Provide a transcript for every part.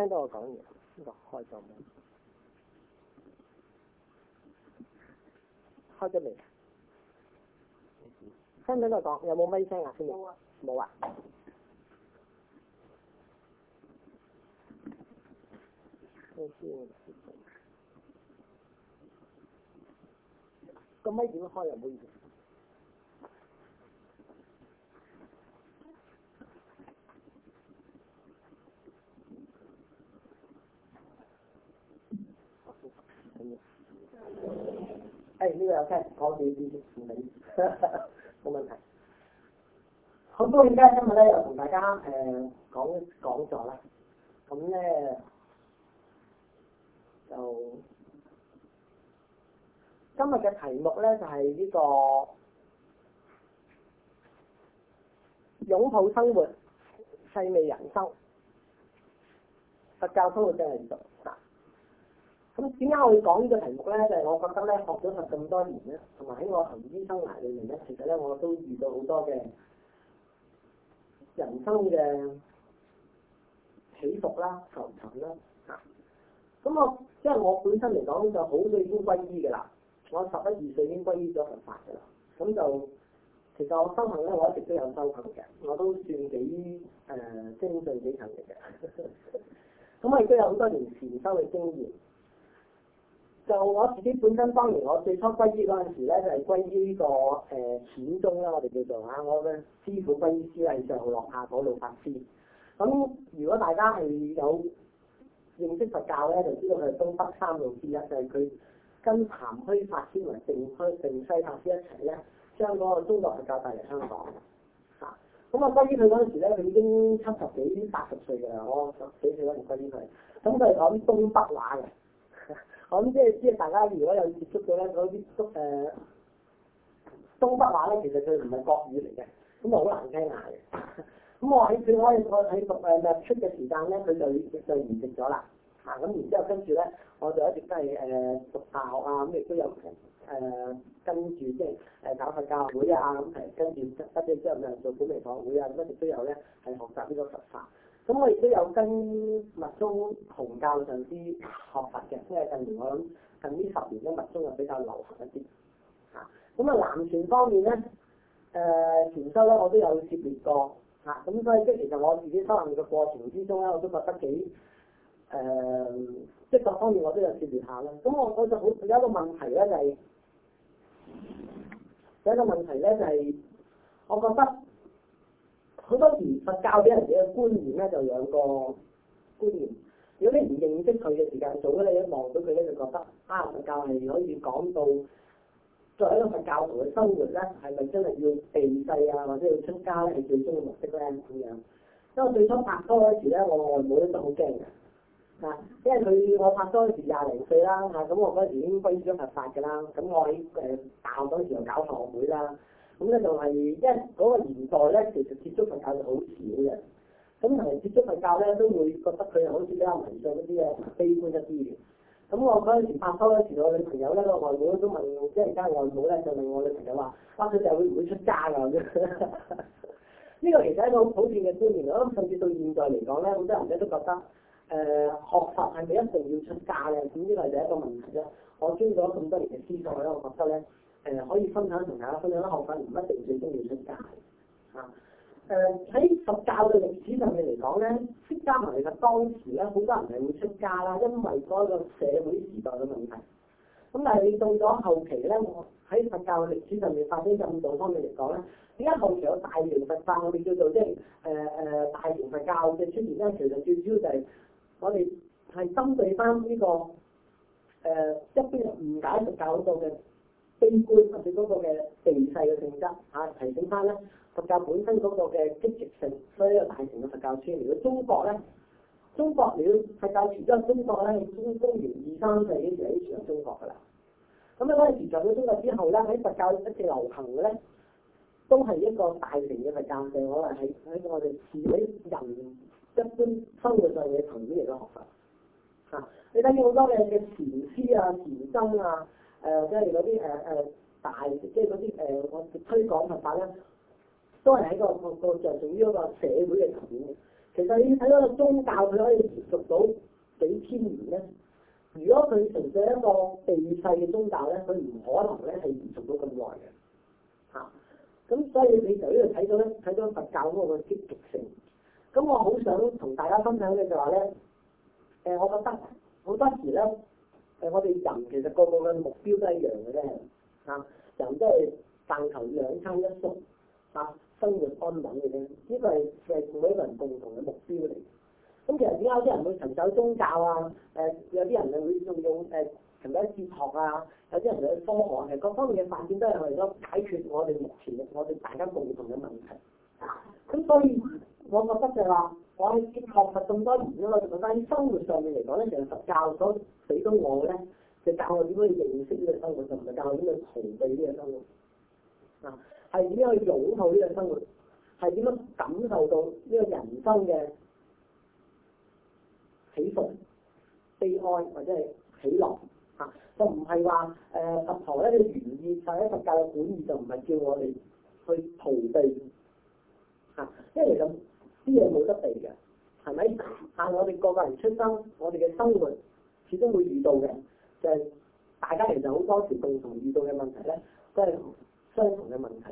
聽到我講完，開咗未？開咗未？聽唔聽到講？有冇咪聲啊？先冇啊？冇啊？個咪點開又冇嘢。哎，呢、這個又聽唔講呢啲俗語，冇問題。好，咁而家今日呢，又同大家誒講講咗啦，咁、呃、呢、嗯呃，就今日嘅題目呢，就係、是、呢、這個擁抱生活，細味人生，佛教生活真係唔同。咁點解我要講呢個題目咧？就係、是、我覺得咧，學咗佢咁多年咧，同埋喺我行醫生涯裏面咧，其實咧我都遇到好多嘅人生嘅起伏啦、浮沉啦嚇。咁、啊、我即係我本身嚟講就好，多已經歸依嘅啦。我十一二歲已經歸依咗佛法嘅啦。咁就其實我修行咧，我一直都有修行嘅，我都算幾誒、呃、精進幾勤力嘅。咁 我亦都有好多年前修嘅經驗。就我自己本身，當年我最初皈依嗰陣時咧，就係皈依個誒、呃、禪宗啦，我哋叫做嚇。我嘅師父皈依師係上落下嗰路法師。咁如果大家係有認識佛教咧，就知道佢係東北三老之一，就係、是、佢跟倓虛法師同定西定西法師一齊咧，將嗰個中國佛教帶嚟香港嚇。咁啊，皈依佢嗰陣時咧，佢已經七十幾八十歲嘅，我十幾歲嗰陣皈依佢，咁佢係講東北話嘅。咁、嗯、即係即係大家，如果有接觸到咧，嗰啲東誒東北話咧，其實佢唔係國語嚟嘅，咁啊好難聽下嘅。咁我喺最開我喺讀誒出嘅時間咧，佢就就完成咗啦。啊、嗯，咁然之後跟住咧，我就一直都係誒、呃、讀大學啊，咁亦都有誒、呃、跟住即係誒搞佛教會啊，咁誒跟住得得咗之後咪做古明堂會啊，咁、就是呃啊就是呃啊、一直都有咧係學習呢個佛法。咁我亦都有跟密宗同教上師學佛嘅，即係近年我諗近呢十年咧，密宗又比較流行一啲，嚇咁啊，南傳方面咧，誒、呃、傳修咧我都有涉獵過，嚇、啊、咁、嗯、所以即係其實我自己修行嘅過程之中咧，我都覺得幾誒，即係各方面我都有涉獵下啦。咁、啊、我我就好有一個問題咧就係、是，有一個問題咧就係、是、我覺得。好多時佛教俾人哋嘅觀念咧就兩個觀念，如果你唔認識佢嘅時間早你一望到佢咧就覺得啊佛教係可以講到，作為一個佛教徒嘅生活咧係咪真係要避世啊，或者要出家咧係最終嘅目的咧咁樣？因為最初拍拖嗰時咧，我外母咧就好驚嘅，啊，因為佢我拍拖嗰時廿零歲啦，嚇，咁我嗰時已經皈依咗佛法㗎啦，咁我喺誒大學嗰時候搞學會啦。咁咧就係，即係嗰個年代咧，其實接觸佛教就好少嘅。咁同人接觸佛教咧，都會覺得佢好似比較迷信一啲嘅，悲觀一啲嘅。咁我嗰陣時拍拖嗰時，我，時我女朋友咧個外母都問，即係而家外母咧就問我女朋友話：拍拖時候會唔會出家㗎咁樣？呢個其實係一個好普遍嘅觀念咯。我諗，甚至到現在嚟講咧，好多人咧都覺得，誒、呃、學佛係咪一定要出家嘅？呢啲咪就係一個問題啫。我專咗咁多年嘅資助咧，我覺得咧。誒、呃、可以分享同大家分享啦，學生唔一定最中意出家嚇。誒喺佛教嘅歷史上面嚟講咧，出家係其實當時咧好多人係會出家啦，因為嗰個社會時代嘅問題。咁但係到咗後期咧，喺佛教嘅歷史上面發展進步方面嚟講咧，點解後期有大乘佛教我哋叫做即係誒誒大乘佛教嘅出現，因其實最主要就係我哋係針對翻、這、呢個誒、呃、一啲誤解佛教嗰度嘅。悲觀甚至嗰個嘅地勢嘅性質嚇，提醒翻咧佛教本身嗰個嘅積極性，所以呢個大乘嘅佛教傳，而家中國咧，中國了佛教傳咗中國咧，已經公元二三世已經傳咗中國㗎啦。咁咧嗰陣時，上咗中國之後咧，喺佛教一直流行嘅咧，都係一個大乘嘅佛教，就可能係喺我哋自己人一般生活上嘅層面嚟嘅學法嚇、啊，你睇好多嘅嘅禪師啊、禪僧啊。誒，即係嗰啲誒誒大，即係嗰啲誒，我推廣佛法咧，都係喺個個個就屬於一個社會嘅層面。其實你睇嗰個宗教佢可以延續到幾千年咧。如果佢純粹一個地勢嘅宗教咧，佢唔可能咧係延續到咁耐嘅。嚇、啊！咁所以你就呢度睇到咧，睇到佛教嗰個積極性。咁我好想同大家分享嘅就話咧，誒、呃，我覺得好多時咧。誒，我哋人其實個個嘅目標都係一樣嘅啫，啊，人都係但求兩餐一宿啊，生活安穩嘅啫，呢個係係每一個人共同嘅目標嚟。咁、嗯、其實點解有啲人會尋找宗教啊？誒，有啲人佢會仲要誒尋找哲學啊，有啲人佢、啊啊、科學嘅、啊、各方面嘅發展都係為咗解決我哋目前嘅、我哋大家共同嘅問題。咁、啊、所以我覺得就係話。我喺結學佛咁多年之外，同埋翻生活上面嚟講咧，其實佛教所俾咗我咧，就教我點樣去認識呢個生活，同埋教我點樣逃避呢個生活。啊，係點樣去擁抱呢個生活？係點樣感受到呢個人生嘅起伏、悲哀或者係喜樂？嚇，就唔係話誒，佛陀咧嘅原意，或者佛教嘅本意就唔係叫我哋去逃避。嚇，即係咁。啲嘢冇得避嘅，係咪？嚇！我哋個個人出生，我哋嘅生活始終會遇到嘅，就係、是、大家其實好多時共同遇到嘅問題咧，都係相同嘅問題。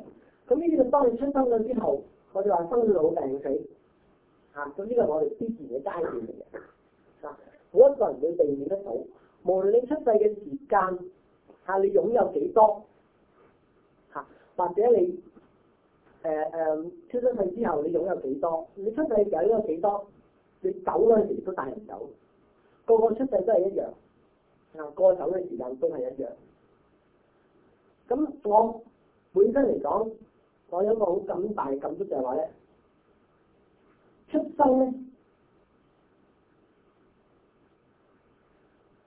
咁呢個當你出生咗之後，我哋話生老病死，嚇、啊，咁呢個我哋之前嘅階段嚟嘅，嚇、啊，冇一個人會避免得到。無論你出世嘅時間嚇、啊，你擁有幾多嚇、啊，或者你。誒誒，uh, um, 出咗世之後，你擁有幾多？你出世嘅時候擁有幾多？你走嘅時都帶唔走，個個出世都係一樣，啊，個個走嘅時間都係一樣。咁我本身嚟講，我有一個好咁大嘅感觸就係話咧，出生咧，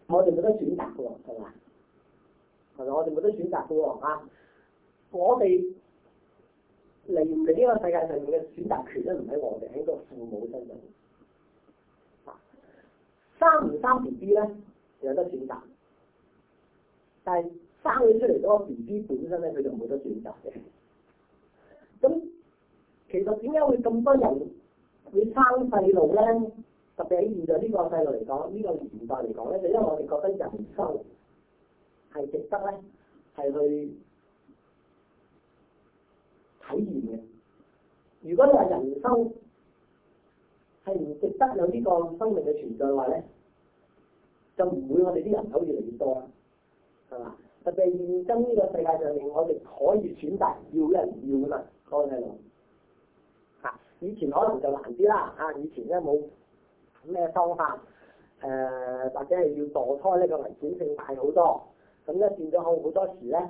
我哋冇得選擇喎，係咪？係咪？我哋冇得選擇嘅喎啊！我哋。啊我嚟嚟呢個世界上面嘅選擇權咧唔喺我哋，喺個父母身上。生唔生 B B 咧有得選擇，但係生咗出嚟嗰個 B B 本身咧佢就冇得選擇嘅。咁其實點解會咁多人會生細路咧？特別喺現在呢個細路嚟講，呢個年代嚟講咧，就因為我哋覺得人生係值得咧，係去。如果你話人生係唔值得有呢個生命嘅存在嘅話咧，就唔會我哋啲人口越嚟越多啦，係嘛？特別現今呢個世界上面，我哋可以選擇要人唔要噶啦，阿阿龍。吓，以前可能就難啲啦，吓，以前咧冇咩方法，誒、呃，或者係要墮胎呢個危險性大好多，咁咧變咗好好多時咧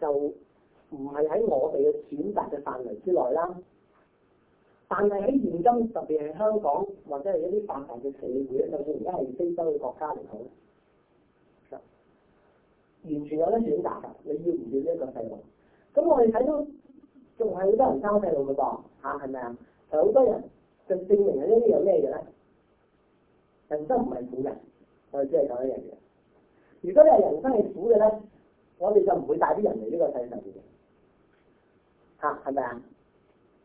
就。唔係喺我哋嘅選擇嘅範圍之內啦，但係喺現今特別係香港或者係一啲繁華嘅社會就算而家係非洲嘅國家嚟講，完全有得選擇噶。你要唔要呢一個細路？咁我哋睇到仲係好多人生細路嘅噃嚇，係咪啊？係好多人就證明啊！呢啲有咩嘢咧？人生唔係苦嘅，我哋只係講一樣嘢。如果你係人生係苦嘅咧，我哋就唔會帶啲人嚟呢個世上嘅。嚇，係咪啊？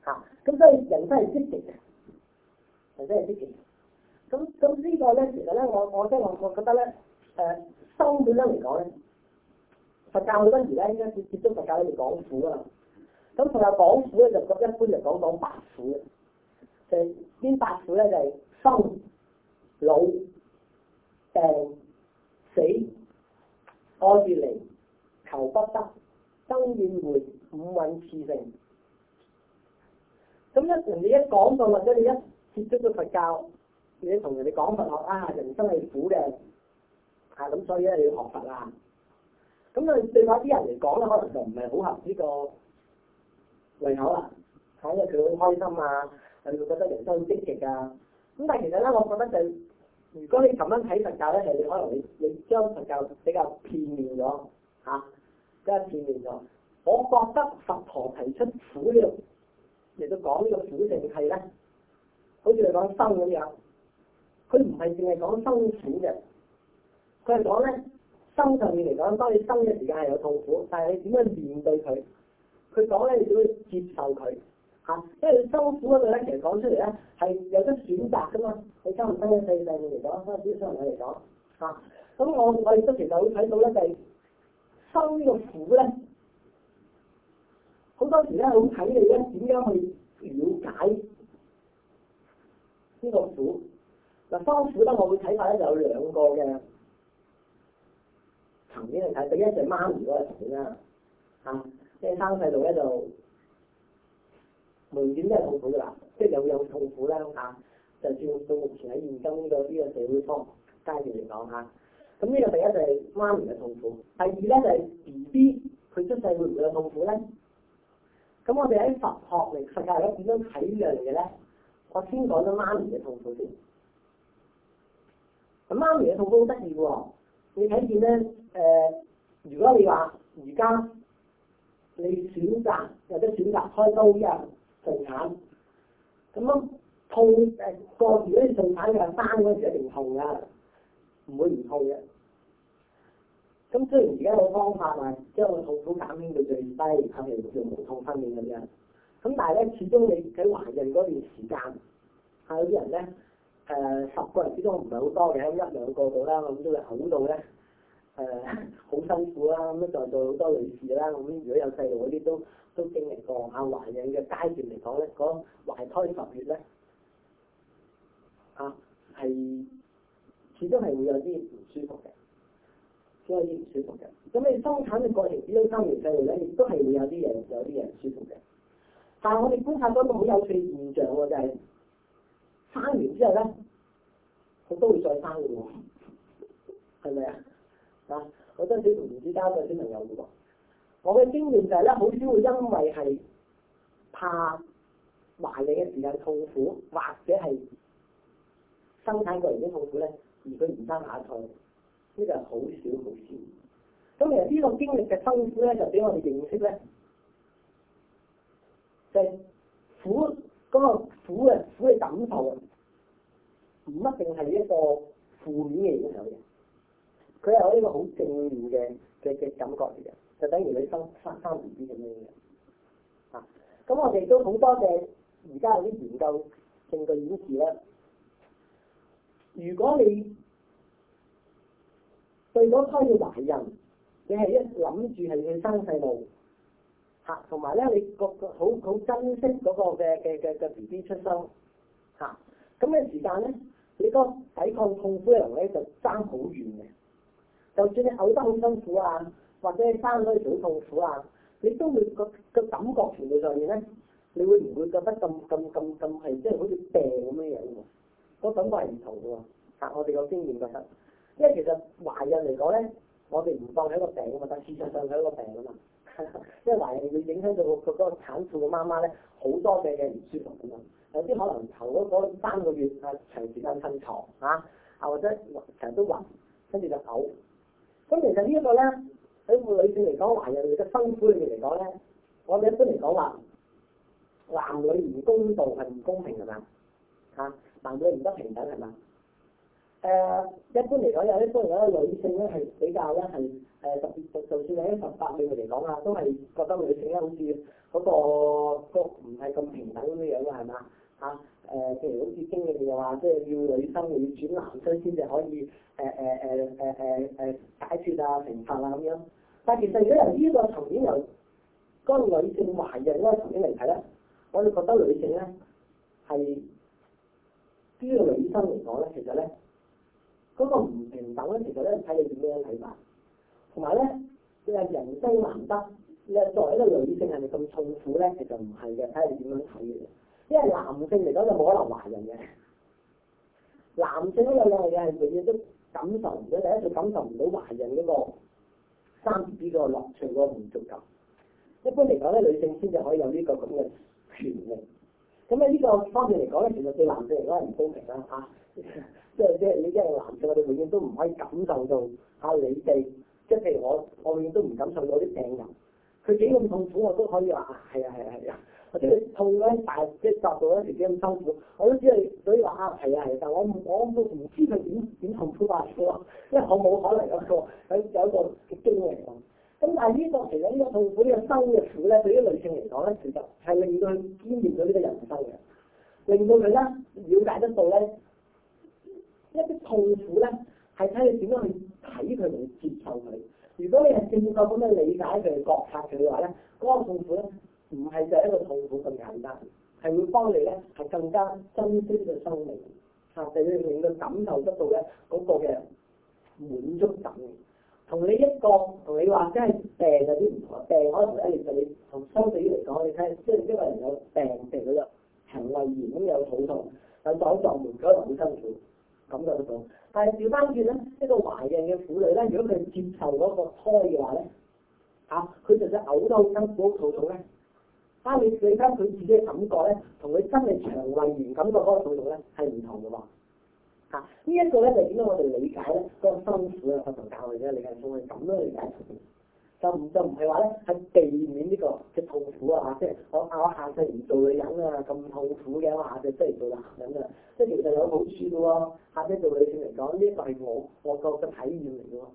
嚇，咁所以人生係積極嘅，人生係積極。咁咁呢個咧，其實咧，我我即係我我覺得咧，誒心點樣嚟講咧？佛教嗰陣時咧，應該接接觸佛教咧，就講苦啊。咁同埋講苦咧，就一般嚟講講八苦嘅，就係邊八苦咧？就係生、老、病、死、愛別離、求不得、怨憎會。五蘊次成，咁一人哋一講到，或者你一接觸咗佛教，你同人哋講佛學啊，人生係苦嘅。啊咁所以咧你要學佛啦，咁啊對某啲人嚟講咧，可能就唔係好合呢個胃口啦，睇嘅佢會開心啊，佢會覺得人生好積極啊，咁但係其實咧，我覺得就如果你咁樣睇佛教咧，係你可能你你將佛教比較片面咗，嚇、啊，即係片面咗。我覺得佛陀提出苦呢咧，嚟到講呢個苦定係咧，好似你講生咁樣，佢唔係淨係講生苦嘅，佢係講咧生上面嚟講，當你生嘅時間係有痛苦，但係你點樣面對佢？佢講咧，你點樣接受佢？嚇、啊，因為你生苦嗰度咧，其實講出嚟咧係有得選擇㗎嘛。你、啊、生唔生一世世嚟講，生幾生嚟嚟講，咁、啊、我我亦都其實會睇到咧、就係，就係生呢個苦咧。好多時咧，好睇你咧點樣去了解呢個苦。嗱，生苦咧，我嘅睇法咧就有兩個嘅層面去睇。第一就係媽咪嗰個層面啦，嚇、啊，即係生細路咧就明顯都係痛苦噶啦，即係又有痛苦啦，嚇、啊。就照到目前喺現今呢個呢個社會方階段嚟講嚇，咁呢個第一就係媽咪嘅痛苦。第二咧就係 B B，佢出世會唔會有痛苦咧？啊咁我哋喺佛學嚟實際嚟咧，點樣睇呢樣嘢嘅咧？我先講咗媽咪嘅痛苦先。咁媽咪嘅痛苦好得意喎，你睇見咧誒、呃？如果你話而家你選擇或者選擇開刀入順產，咁樣痛誒過如果你順產嘅話生嗰陣時一定痛噶，唔會唔痛嘅。咁雖然而家個方法啊，即係我痛苦減輕到最低，佢係用無痛分娩咁樣。咁但係咧，始終你喺懷孕嗰段時間，啊有啲人咧，誒、呃、十個人之中唔係好多嘅，咁一兩個度啦，咁都係好到咧，誒、呃、好辛苦啦，咁咧再做好多類似啦，咁如果有細路嗰啲都都經歷過下懷孕嘅階段嚟講咧，嗰懷胎十月咧，啊係始終係會有啲唔舒服嘅。所以唔舒服嘅，咁你生產嘅過程，只要生完細路咧，亦都係會有啲嘢有啲人唔舒服嘅。但係我哋觀察到一個好有趣嘅現象喎、就是，就係生完之後咧，佢都會再生嘅喎，係咪啊？啊，我多小同啲家姐小朋友講，我嘅經驗就係、是、咧，好少會因為係怕懷你嘅時間痛苦，或者係生產過嚟啲痛苦咧，而佢唔生下一胎。呢個係好少冇少。咁其實呢個經歷嘅辛苦咧，就俾我哋認識咧，就係、苦嗰、嗰個苦嘅苦嘅感受啊，唔一定係一個負面嘅嘢嚟嘅。佢係一個好正面嘅嘅嘅感覺嚟嘅，就等於你生生生完咁樣嘅。啊，咁我哋都好多謝而家有啲研究證據顯示啦，如果你對嗰批懷孕，你係一諗住係去生細路，嚇，同埋咧你個個好好珍惜嗰個嘅嘅嘅嘅 B B 出生，嚇，咁嘅時間咧，你個抵抗痛苦嘅能力咧就爭好遠嘅。就算你嘔得好辛苦啊，或者生你生到好痛苦啊，你都會個個感覺程度上面咧，你會唔會覺得咁咁咁咁係即係好似病咁樣嘢嘅喎？個感覺係唔同嘅喎，嚇！我哋有經驗覺得。因為其實懷孕嚟講咧，我哋唔當係一個病啊嘛，但事實上係一個病啊嘛。即係懷孕會影響到個佢嗰個產婦嘅媽媽咧，好多嘅嘢唔舒服咁樣，有啲可能頭嗰三個月啊長時間瞓床，嚇，啊或者暈成日都暈，跟住就嘔。咁其實呢一個咧，喺個女性嚟講懷孕，或者辛苦嚟講咧，我哋一般嚟講話，男女唔公道係唔公平係嘛？嚇、啊，男女唔得平等係嘛？誒、呃、一般嚟講，有啲一般嚟講，女性咧係比較一行誒特別，就算算一十八歲嚟講啊，都係覺得女性咧好似要、嗰個，好、嗰個、不唔係咁平等咁樣啦，係嘛嚇誒？譬如好似經理哋又話，即係要女生要轉男生先至可以誒誒誒誒誒誒解決啊、懲罰啊咁樣。但其實如果由呢個層面由嗰、嗰個女性懷孕嗰個層面嚟睇咧，我哋覺得女性咧係呢個女生嚟講咧，其實咧。嗰個唔平等咧，其實咧睇你點樣睇法，同埋咧，你話人生難得，你話作為一個女性係咪咁痛苦咧？其實唔係嘅，睇下你點樣睇嘅啫。因為男性嚟講就冇可能懷孕嘅，男性嗰兩樣嘢係永遠都感受唔到，第一就感受唔到懷孕嗰個生呢個樂趣嗰個滿足感。一般嚟講咧，女性先至可以有呢個咁嘅權利。咁咧呢個方面嚟講咧，其實對男性嚟講係唔公平啦嚇。啊 即係即係，你即係男性，我哋永遠都唔可以感受到嚇你哋，即係譬如我，我永遠都唔感受到啲病人，佢幾咁痛苦，我都可以話啊，係啊係啊係啊，或者佢痛咧，大即係集到咧自己咁辛苦，我都知。係所以話啊，係啊係啊，啊，啊，啊，但我我都唔知佢點點痛苦啊，因為我冇可能有個有有一個嘅經歷咁。但係、咁、呢個其實，呢個痛苦呢個辛苦咧，對於女性嚟講咧，其實係令到佢經驗到呢個人生嘅，令到佢咧瞭解得到咧。一啲痛苦咧，係睇你點樣去睇佢同接受佢。如果你係正確咁樣理解佢、覺察佢嘅話咧，嗰個痛苦咧唔係就係一個痛苦咁簡單，係會幫你咧係更加珍惜嘅生命，嚇，第二令你感受得到咧嗰個嘅滿足感。同你一個同你話真係病有啲唔同，病我誒其實你同生理嚟講，你睇即係因為人有病，譬如嗰個腸胃炎咁有肚痛，有左撞門咁有辛苦。感覺得到，但係調翻轉咧，呢個懷孕嘅婦女咧，如果佢接受嗰個胎嘅話咧，啊，佢即使嘔到好辛苦肚痛咧，啊，你你加佢自己嘅感覺咧，同佢真係腸胃炎感覺嗰個肚痛咧係唔同嘅喎，啊，呢一個咧就點解我哋理解咧嗰個辛苦嘅不同概念咧，你係從佢咁樣理解。就唔、這個、就唔係話咧，喺避免呢個嘅痛苦啊！即、就、係、是、我我下世唔做女人啊，咁痛苦嘅，我下世真係做男人啊，即係其實有好處嘅喎。下世做女性嚟講，呢個係我我個嘅體驗嚟嘅喎。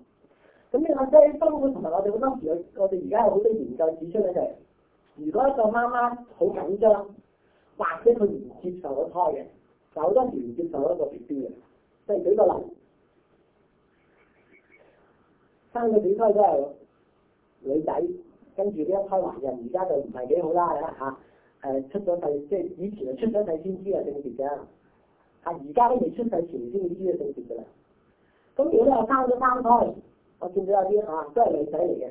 咁呢話即係生活同埋我哋好多時，我哋而家有好多研究指出咧就係，如果一個媽媽好緊張，或者佢唔接受個胎嘅，就好多時唔接受一個 BB 嘅，即、就、係、是、幾個男，生個仔胎都係女仔，跟住呢一胎懷孕，而家就唔係幾好啦嚇，誒、啊、出咗世即係以前出是是啊出咗世先知啊性別噶，嚇而家都未出世前先知啊性別噶啦。咁如果我生咗三胎，我見到有啲嚇都係女仔嚟嘅，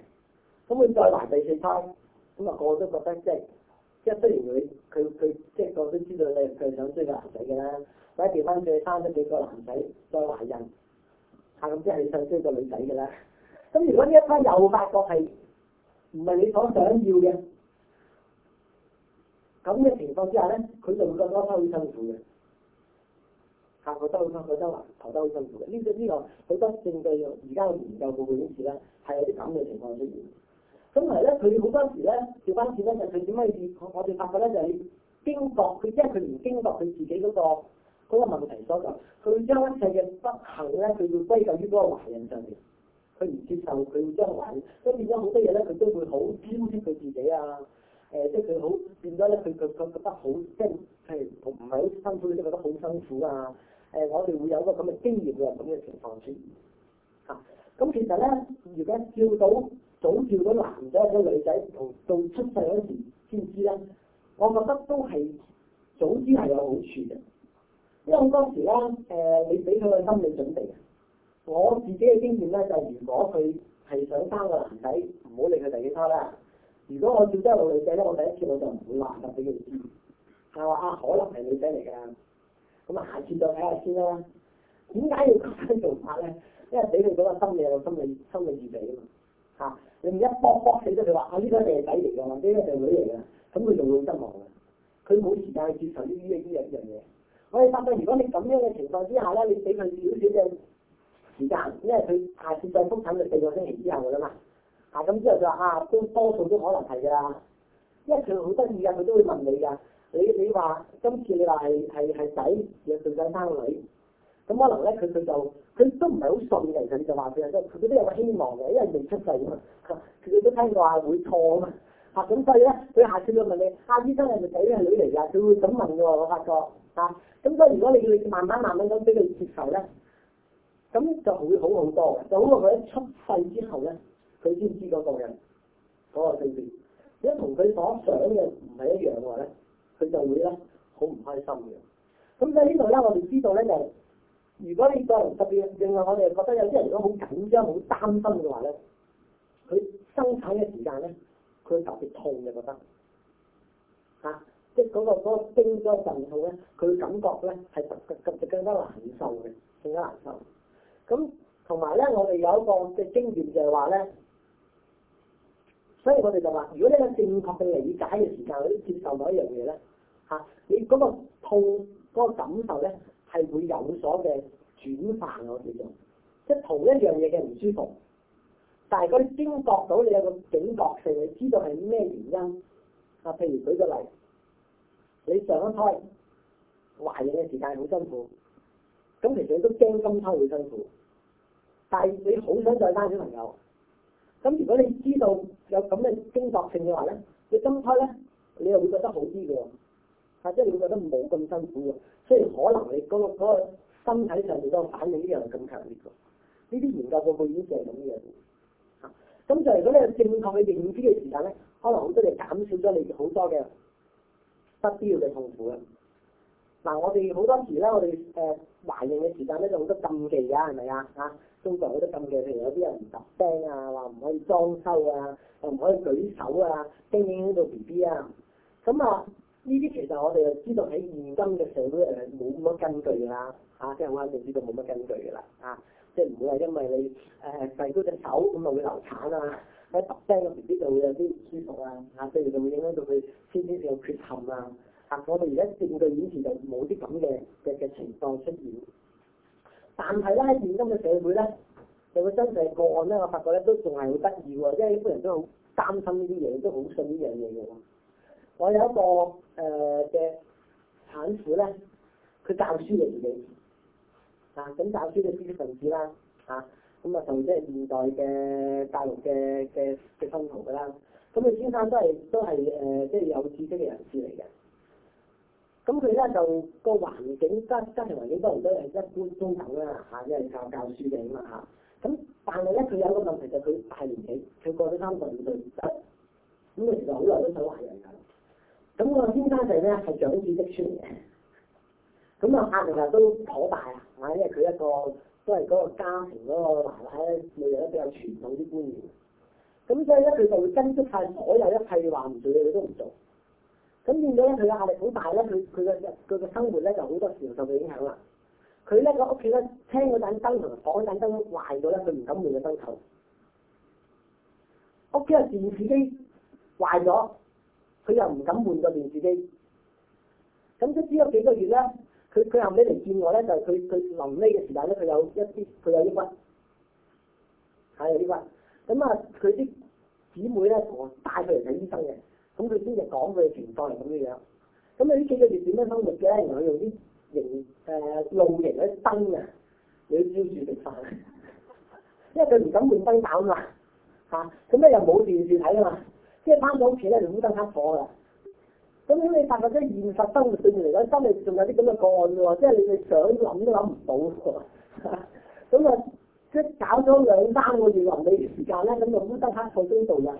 咁佢再懷第四胎，咁、那、啊個都覺得即係，一雖然佢佢佢即係我都知道你係想追個男仔嘅啦，但係調翻轉生咗幾個男仔再懷孕，嚇、啊、咁即係你想追個女仔嘅啦。咁如果呢一批又發覺係唔係你所想要嘅，咁嘅情況之下咧，佢就會覺得好辛苦嘅，覺得好辛苦，覺得好辛苦嘅。呢個呢個好多證據，而家研究過去啲時間係有啲咁嘅情況出現。咁係咧，佢好多時咧調翻轉咧，就佢點解我我哋發覺咧，就係經過佢，因為佢唔經過佢自己嗰個嗰個問題所在，佢將一切嘅不幸咧，佢會歸咎於嗰個懷孕上面。佢唔接受佢將來，咁變咗好多嘢咧，佢都會好挑剔佢自己啊。誒、呃，即係佢好變咗咧，佢佢佢覺得好，即係係唔係好辛苦？佢覺得好辛苦、呃、 啊。誒，我哋會有個咁嘅經驗㗎，咁嘅情況出現嚇。咁其實咧，如果照到早照到男仔或者女仔，同到出世嗰時先知咧，我覺得都係早知係有好處嘅，的因為嗰時咧，誒、呃，你俾佢個心理準備。我自己嘅經驗咧，就如果佢係想生個男仔，唔好理佢第幾胎啦。如果我照得老女仔咧，我第一次我就唔會話得俾佢知。係話、嗯、啊，可能係女仔嚟㗎，咁、嗯、啊，下次再睇下先啦。點解要咁樣做法咧？因為俾佢嗰個心理有心理心理預備啊嘛嚇！你唔一卜卜死出佢話啊呢個係仔嚟㗎，呢個係女嚟㗎，咁佢仲會失望㗎。佢冇時間去接受呢呢呢呢一樣嘢。我哋發覺，如果你咁樣嘅情況之下咧，你俾佢少少嘅時間，因為佢下次再覆診要四個星期之後㗎嘛。啊，咁之後就啊，都多數都可能係㗎。因為佢好得意㗎，佢都會問你㗎。你你話今次你話係係係仔，又順產生女，咁、嗯、可能咧佢佢就佢都唔係好信嘅，佢就話其實佢都有個希望嘅，因為未出世啊嘛。佢都聽過話會錯啊嘛。啊，咁所以咧，佢下次會問你啊，醫生係咪仔係女嚟㗎？佢會咁問㗎喎，我發覺啊。咁所以如果你要慢慢慢慢咁俾佢接受咧。咁就會好好多嘅。就好過佢一出世之後咧，佢先知嗰個人嗰個性別。一同佢所想嘅唔係一樣嘅話咧，佢就會咧好唔開心嘅。咁所以呢度咧，我哋知道咧就，如果呢個人特別認為，我哋覺得有啲人咧好緊張、好擔心嘅話咧，佢生產嘅時間咧，佢特別痛嘅覺得，嚇、啊，即係嗰個嗰咗經個陣痛咧，佢感覺咧係特更更加難受嘅，更加難受。咁同埋咧，我哋有一個嘅經驗就係話咧，所以我哋就話，如果你有正確嘅理解嘅時間去接受到一樣嘢咧，嚇、啊，你嗰個痛嗰、嗰個感受咧係會有所嘅轉變，我哋就，即係同一樣嘢嘅唔舒服，但係佢驚覺到你有個警覺性，你知道係咩原因啊？譬如舉個例，你上一胎懷孕嘅時間好辛苦，咁其實你都驚今胎會辛苦。但係你好想再生小朋友，咁如果你知道有咁嘅工作性嘅話咧，你今胎咧你又會覺得好啲嘅喎，嚇，即係你會覺得冇咁辛苦喎。雖然可能你嗰、嗰個、嗰個身體上面個反應啲嘢係強烈啲，呢啲研究報告已經證明、啊、呢樣嘢。嚇，咁就係嗰啲正確嘅認知，呢嘅時間咧，可能好多你減少咗你好多嘅不必要嘅痛苦嘅。嗱，我哋好多時咧，我哋誒懷孕嘅時間咧，就好多禁忌㗎，係咪啊？嚇，通常好多禁忌，譬如有啲人唔揼釘啊，話唔可以裝修啊，又唔可以舉手啊，影響到 B B 啊。咁啊，呢啲其實我哋、啊啊、就知道喺現今嘅社會誒冇乜根據㗎啦、啊，嚇、啊、即係我肯定知道冇乜根據㗎啦，嚇，即係唔會係因為你誒遞、呃、高隻手咁咪會流產啊，喺揼釘個 B B 就會有啲唔舒服啊，嚇、啊，譬如就會影響到佢先天性缺陷啊。啊！我哋而家現代以前就冇啲咁嘅嘅嘅情況出現但呢，但係咧喺現今嘅社會咧，有個真正嘅個案咧，我發覺咧都仲係好得意喎，因為一般人都好擔心呢啲嘢，都好信呢樣嘢嘅。我有一個誒嘅、呃、產婦咧，佢教書嘅嚟嘅，啊咁教書嘅知識分子啦，啊咁啊同即係現代嘅大陸嘅嘅嘅信徒噶啦，咁佢先生都係都係誒即係有知識嘅人士嚟嘅。咁佢咧就個環境家家庭環境當然都係一般中等啦嚇，因為教教書嘅啊嘛嚇。咁但係咧佢有一個問題就係佢大年紀，佢過咗三十五歲唔得，咁佢其實好耐都想懷孕噶。咁我先生就係咧係長子嫡孫嘅，咁啊壓力啊都好大啊，因為佢一個都係嗰個家庭嗰個奶奶，每日都比較傳統啲官員，咁所以咧佢就會跟足晒所有一切話唔做嘢，佢都唔做。咁變咗咧，佢嘅壓力好大咧，佢佢嘅佢嘅生活咧就好多時候受到影響啦。佢咧個屋企咧廳嗰盞燈同房嗰盞燈壞咗咧，佢唔敢換個燈頭。屋企個電視機壞咗，佢又唔敢換個電視機。咁都只有幾個月咧，佢佢後尾嚟見我咧，就係佢佢臨尾嘅時間咧，佢有一啲佢有抑鬱，係有抑鬱。咁、就、啊、是，佢啲姊妹咧同我帶佢嚟睇醫生嘅。咁佢先至講佢嘅情況係咁嘅樣，咁你呢幾個月點樣生活嘅咧？佢用啲形誒、呃、露營嗰啲燈啊，要照住食飯，因為佢唔敢換燈膽啊，嚇，咁咧又冇電視睇啊嘛，即係返到屋企咧就烏燈黑火噶，咁你發覺即現實生活上面嚟講，心裏仲有啲咁嘅個案喎，即係你哋想諗都諗唔到喎，咁啊即搞咗兩三個月話你時間咧，咁就烏燈黑火中度噶。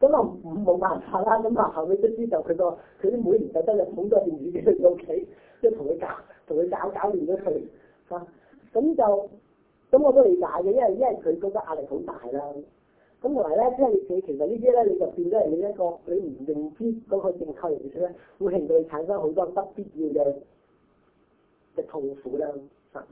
咁啊，冇辦法啦。咁啊，後尾都知道妹妹就，就佢個佢啲每年就真係好多條魚嘅佢屋企，即係同佢搞同佢搞搞掂咗佢嚇。咁就咁我都理解嘅，因為因為佢覺得壓力好大啦。咁同埋咧，即係你其實呢啲咧，你就變咗係你一個你唔認知嗰個正確嘅意思咧，會令到你產生好多不必要嘅嘅痛苦啦嚇。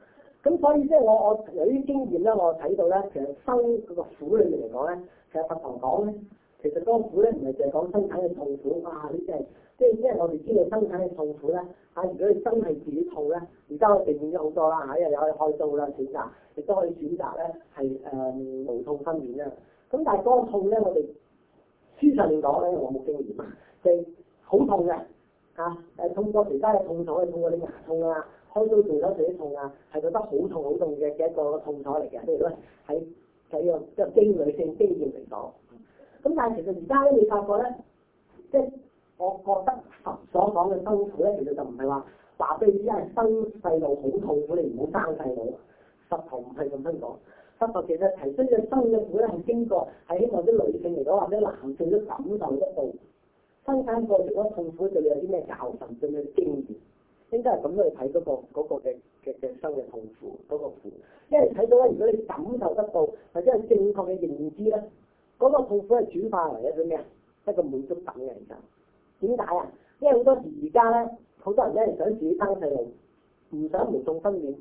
咁所以即係我我有啲經驗咧，我睇到咧，其實生嗰個苦裏面嚟講咧，其實不妨講咧。其實呢痛苦咧唔係淨係講生產嘅痛苦啊！呢啲係，即係因為我哋知道生產嘅痛苦咧，嚇、啊！如果你真係自己痛咧，而家我哋避免咗好多啦，嚇、啊！又有可以開刀啦，選擇亦都可以選擇咧，係、呃、誒無痛分娩嘅。咁但係嗰個痛咧，我哋書上嚟講咧，我冇經驗、就是、啊，就係好痛嘅嚇！誒痛過其他嘅痛楚係痛過啲牙痛啊、開刀痛咗仲要痛啊，係覺得好痛好痛嘅嘅一個痛楚嚟嘅。譬如咧喺喺個精女性經驗嚟講。咁但係其實而家咧，你發覺咧，即係我覺得神所講嘅辛苦咧，其實就唔係話話俾你知係生細路好痛苦，你唔好生細路，實頭唔係咁樣講。實頭其實提升嘅生嘅苦係經過，係希望啲女性嚟講或者男性都感受得到生產過程嗰痛苦，對你有啲咩教訓，啲咩經驗，應該係咁去睇嗰個嘅嘅嘅生嘅痛苦嗰個苦，因為睇到咧，如果你感受得到或者係正確嘅認知咧。嗰個痛苦係轉化為一種咩啊？一個滿足感嘅現象。點解啊？因為好多時而家咧，好多人依然想自己生個細路，唔想無痛分娩。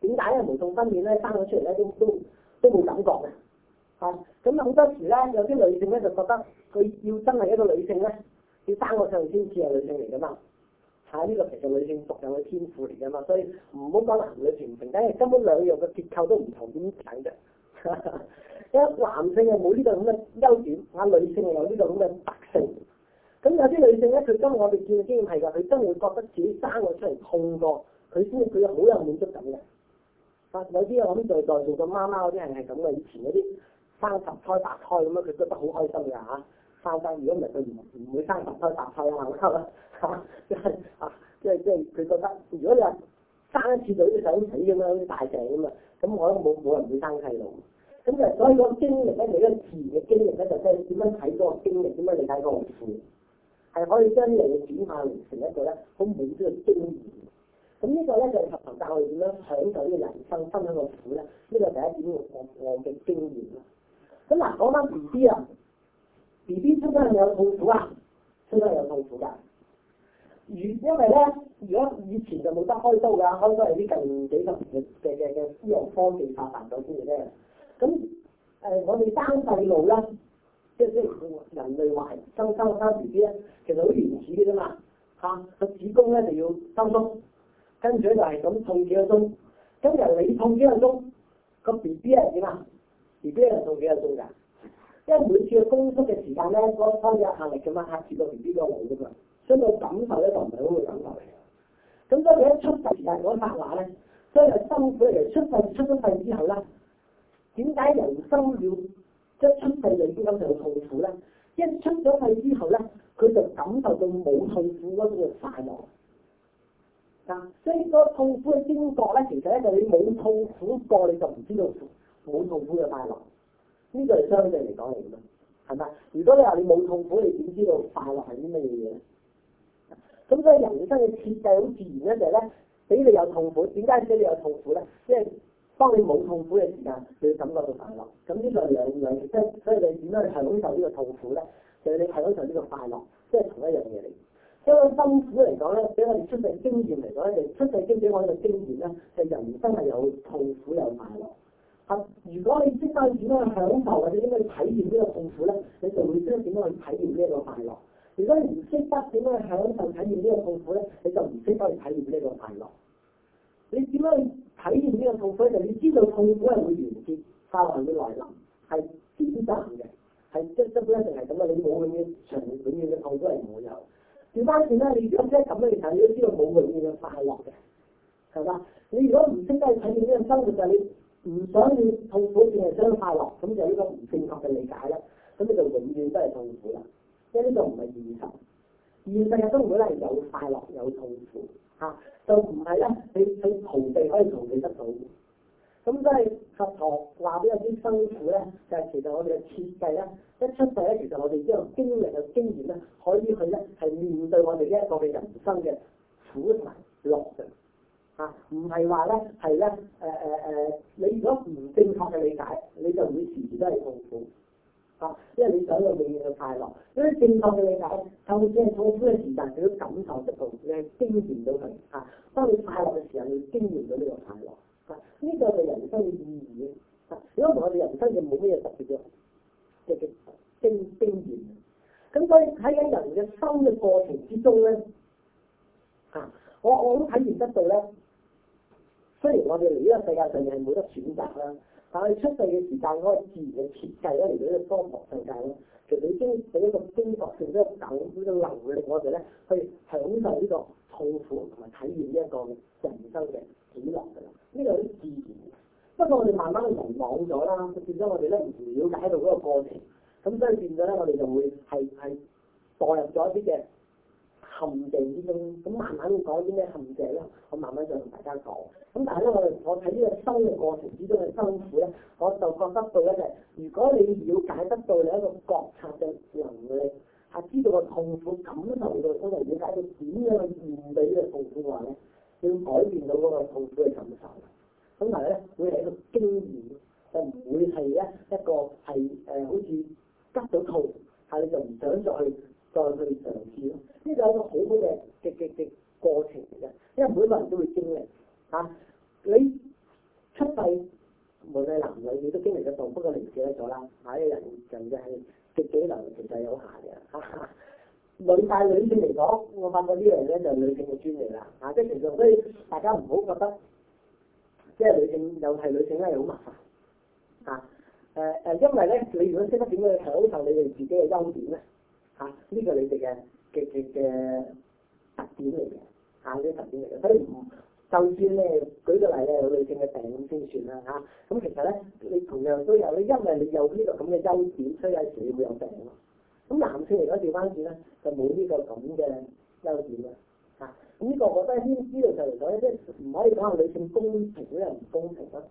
點解咧？無痛分娩咧，生咗出嚟咧都都都冇感覺嘅。嚇！咁好多時咧，有啲女性咧就覺得佢要真係一個女性咧，要生個細路先至係女性嚟噶嘛。係呢個其實女性獨有嘅天賦嚟噶嘛，所以唔好講男女平等，因為根本兩樣嘅結構都唔同，點講啫？男性係冇呢個咁嘅優點，啊女性係有呢個咁嘅特性。咁有啲女性咧，佢跟我哋見嘅經驗係㗎，佢真會覺得自己生咗出嚟痛過，佢先佢有好有滿足感嘅。啊，有啲我諗在在做個媽媽嗰啲人係咁嘅，以前嗰啲生十胎八胎咁樣，佢覺得好開心㗎嚇、啊。生生，如果唔係佢唔唔會生十胎八胎一萬胎啦嚇，即係嚇，即係即係佢覺得，如果你生一次到啲想死咁樣，啲大隻咁啊，咁我都冇冇人會生係到。咁啊、嗯，所以講經歷咧，你咧次嘅經歷咧，就睇、是、點樣睇嗰個經歷啫嘛？點樣理解嗰個苦，係可以將嚟嘅轉化成一個咧好滿足嘅經驗。咁呢個咧就係佛學教我哋點樣享受呢人生，分享個苦咧。呢個第一點，我我嘅經驗。咁嗱，講翻 B B 啊，B B 真係有痛苦啊，真係有痛苦噶。如因為咧，如果以前就冇得開刀噶，開刀係啲近幾十年嘅嘅嘅嘅醫學科技發達咗先嘅啫。咁誒，我哋生細路咧，即係即係人類話係生生生 B B 咧，其實好原始嘅啫嘛嚇。個子宮咧就要收縮，跟住就係咁痛幾個鐘。今日你痛幾個鐘，個 B B 係點啊？B B 係痛幾個鐘㗎？因為每次嘅工作嘅時間咧，都都有壓力嘅嘛嚇，至到 BB 幾多號嘅嘛，所以感受咧就唔係好會感受嚟嘅。咁所以一出世又講發話咧，所以辛苦嚟出世，出咗世之後咧。點解人生要一出世就已經感受痛苦咧？一出咗世之後咧，佢就感受到冇痛苦嗰種嘅快樂。嗱、嗯，所以個痛苦嘅感覺咧，其實咧就你冇痛苦過，你就唔知道冇痛苦嘅快樂。呢個係相對嚟講嚟嘅，係咪？如果你話你冇痛苦，你點知道快樂係啲咩嘢嘢？咁所以人生嘅設計好自然咧，就係咧俾你有痛苦，點解俾你有痛苦咧？即係。當你冇痛苦嘅時間，你要感覺到快樂，咁呢個兩樣即係，所以你點樣去享受呢個痛苦咧？就係、是、你享受呢個快樂，即係同一樣嘢嚟。因為辛苦嚟講咧，俾我哋出世經驗嚟講咧，出世經驗畀我嘅經驗咧，就是、人生係有痛苦有快樂。啊，如果你識得點樣去享受或者點樣去體驗呢個痛苦咧，你就會知道點樣去體驗呢個快樂。如果你唔識得點樣去享受體驗呢個痛苦咧，你就唔識得去體驗呢個快樂。你點樣去？體驗呢個痛苦，就係你知道痛苦係會完結，快樂係會來臨，係必得嘅，係即係根本一定係咁嘅。你冇永遠長遠永遠嘅痛苦係冇有。點解？點解，你如果即係咁嘅去睇，你都知道冇永遠嘅快樂嘅，係嘛？你如果唔識得體驗呢個生活，就係你唔想你痛苦淨係想快樂，咁就呢個唔正確嘅理解啦。咁你就永遠都係痛苦啦，即呢個唔係現實，現實嘅都係有快樂有痛苦嚇。啊就唔係咧，你你逃避可以逃避得到，咁即係佛陀話比較啲辛苦咧，就係、是、其實我哋嘅設計咧，一出世咧，其實我哋將經歷嘅經驗咧，可以去咧係面對我哋呢一個嘅人生嘅苦同埋樂嘅，嚇，唔係話咧係咧，誒誒誒，你如果唔正確嘅理解，你就會時時都係痛苦。因為你想到你嘅快樂，所以正確嘅理解就咧，就算係痛苦嘅時代，你都感受得到，你係經驗到佢啊。當你快樂嘅時候，你經驗到呢個快樂啊。呢、這個係人生嘅意義啊，如果唔係我哋人生就冇咩特別嘅嘅嘅經經驗。咁所以喺緊人嘅生嘅過程之中咧，啊，我我都體驗得到咧。雖然我哋嚟呢個世界上面係冇得選擇啦。但係出世嘅時間，嗰個自然嘅設計咧，嚟到呢個科學世界咧，其實你經俾一個方博性一個等呢個能力我呢，我哋咧去享受呢個痛苦同埋體驗呢一個人生嘅喜樂嘅啦。呢個係自然，不過我哋慢慢嚟忘咗啦，佢變咗我哋咧唔了解到嗰個過程，咁所以變咗咧我哋就會係係代入咗一啲嘅。陷阱之中，咁慢慢會講啲咩陷阱咯。我慢慢再同大家講。咁但係咧，我我睇呢個生活過程之中嘅辛苦咧，我就覺得到咧就係，如果你瞭解得到你一個覺察嘅能力，係知道個痛苦感受嘅，我嚟瞭解你點樣面對呢個痛苦嘅話咧，你要改變到嗰個痛苦嘅感受。咁但係咧，會係一個經驗，就唔會係一一個係誒、呃、好似吉咗痛，係你就唔想再去再去嘗試咯。呢個係一個好好嘅嘅嘅嘅過程嚟嘅，因為每個人都會經歷嚇、啊、你出世無論男女，你都經歷得到。不過你唔記得咗啦，下、啊、一人就係極之能力其實有限嘅。女帶女性嚟講，我發覺呢樣嘢咧，就係、女性嘅專利啦嚇。即係其實所以大家唔好覺得即係女性又係女性咧又好麻煩嚇誒誒，因為咧，你如果識得點樣享受你哋自己嘅優點咧嚇，呢、啊、個你哋嘅。嘅嘅嘅特點嚟嘅，嚇呢個特點嚟嘅，所以唔就算咩舉個例咧，有女性嘅病先算啦嚇，咁、啊、其實咧你同樣都有，你因為你有呢個咁嘅優點，所以有時你會有病咁、啊、男性嚟講，調翻轉咧就冇呢個咁嘅優點啦，嚇、啊。咁、啊、呢、嗯這個我覺得呢度就嚟講即係唔可以講女性公平，咁又唔公平咯，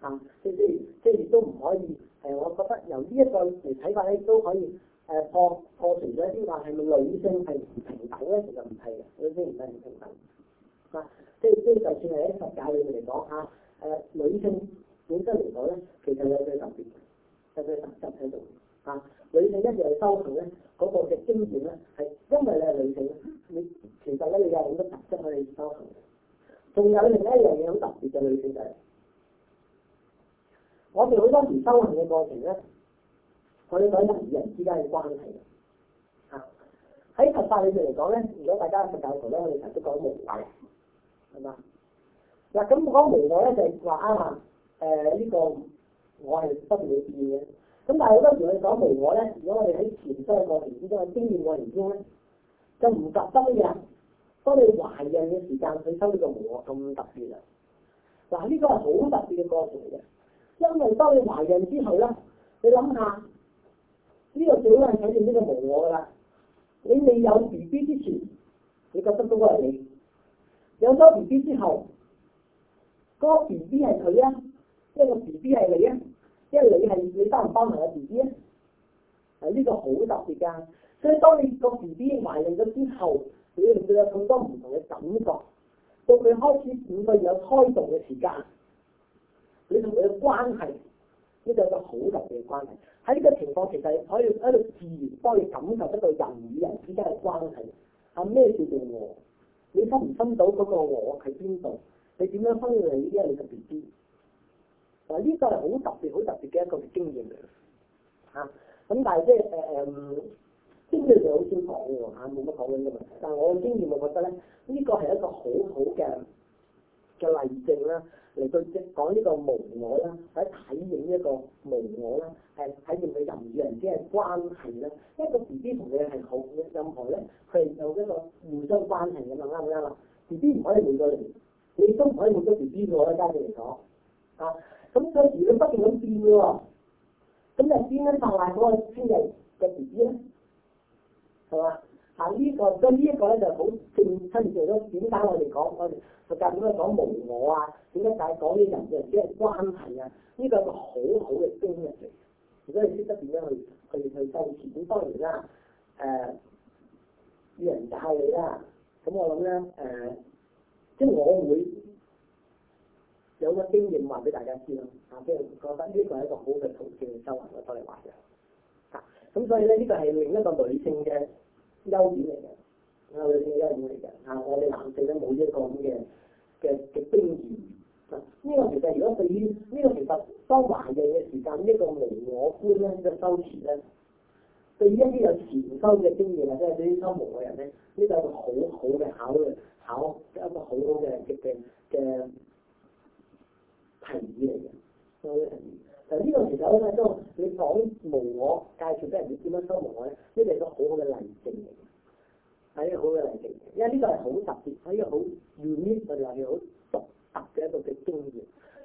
嚇、啊。即係即係亦都唔可以，誒、呃，我覺得由呢一個嚟睇法咧都可以。破破除咗呢啲話係咪女性係唔平等咧？其實唔係嘅，女性唔係唔平等。嗱、啊，即即就算係喺佛教裏面嚟講嚇，誒、啊呃、女性本身嚟講咧，其實有佢特別，有佢特質喺度。點、啊、女性一入去修行咧，嗰、那個嘅經驗咧係因為你係女性咧，你其實咧你有好多特質可以修行。仲有另一樣嘢好特別嘅女性就係、是，我哋好多時修行嘅過程咧。我哋講人與人之間嘅關係啊！喺佛法裏面嚟講咧，如果大家佛教徒咧，我哋成日都講無我，係嘛？嗱、啊，咁講無我咧，就話、是、啊，誒、呃這個呃這個、呢個我係不會變嘅。咁但係好多時我哋講無我咧，如果我哋喺前世、我前世之中、經驗過然之後咧，就唔及得乜嘢？當你懷孕嘅時間佢收呢個無我，咁特別啊！嗱，呢個係好特別嘅過程嘅，因為當你懷孕之後咧，你諗下。呢個小問睇已呢係無我噶啦。你未有 B B 之前，你覺得嗰個係你；有咗 B B 之後，嗰、嗰個 B B 係佢啊，即、那、係個 B B 係你啊，即係你係你幫唔幫忙個 B B 啊？呢、呢個好特別噶。所以當你個 B B 懷孕咗之後，你會唔會有咁多唔同嘅感覺？到佢開始五個月有胎動嘅時間，你同佢嘅關係。呢個係一個好特別嘅關係，喺呢個情況其實可以喺度自然幫你感受得到人與人之間嘅關係係咩叫做我？你分唔分到嗰個我喺邊度？你點樣分你呢？你嘅 B B 嗱，呢個係好特別好特別嘅一個嘅經驗嚟嚇，咁但係即係誒誒，經歷上好少講喎，冇乜講緊嘅問題。但係我嘅經驗，啊嗯經驗啊、我覺得咧呢個係一個好好嘅嘅例證啦。嚟到即講呢個無我啦，或者體現一個無我啦，係體現佢人與人之間關係啦。因為個 B B 同你係好嘅，任何咧，佢係有一個互相關係噉樣，啱唔啱啊？B B 唔可以換過嚟，你都唔可以換咗 B B 過啦，單止嚟講。啊，咁個時佢不斷咁變喎，咁係邊一塊塊嗰個先係嘅 B B 咧？係嘛？啊！這個這個、呢個即呢一個咧，就好、是、正身嘅咯。點解我哋講我哋佛教點解講無我啊？點解但係講啲人嘅啲關係啊？呢、這個係一個好好嘅經驗嚟，如果你識得點樣去去去修持。咁當然啦，呃、人帶你啦，咁、嗯、我諗咧誒，即係我會有個經驗話俾大家知咯。啊，即係覺得呢個係一個好嘅途徑，修行嘅都嚟話嘅。啊，咁、嗯、所以咧，呢、這個係另一個女性嘅。優點嚟嘅，我哋啲優點嚟嘅，啊，我哋男性都冇呢一個咁嘅嘅嘅經驗，嗱，呢、啊這個其實如果對於呢、這個其實當懷孕嘅時間，呢、這個無我觀呢嘅修辭咧，對於一啲有前修嘅經驗或者係對於修毛嘅人咧，呢、這個係一個好好嘅考慮考一個好一個好嘅嘅嘅提議嚟嘅，我、這、哋、個。這個呢個其實咧、就、都、是，你講無我，介紹俾人要點樣收無我咧，呢個係一個好好嘅例證，係一個好嘅例證，因為呢個係好特別，係一個好遠啲我哋話係好獨特嘅一個嘅經驗。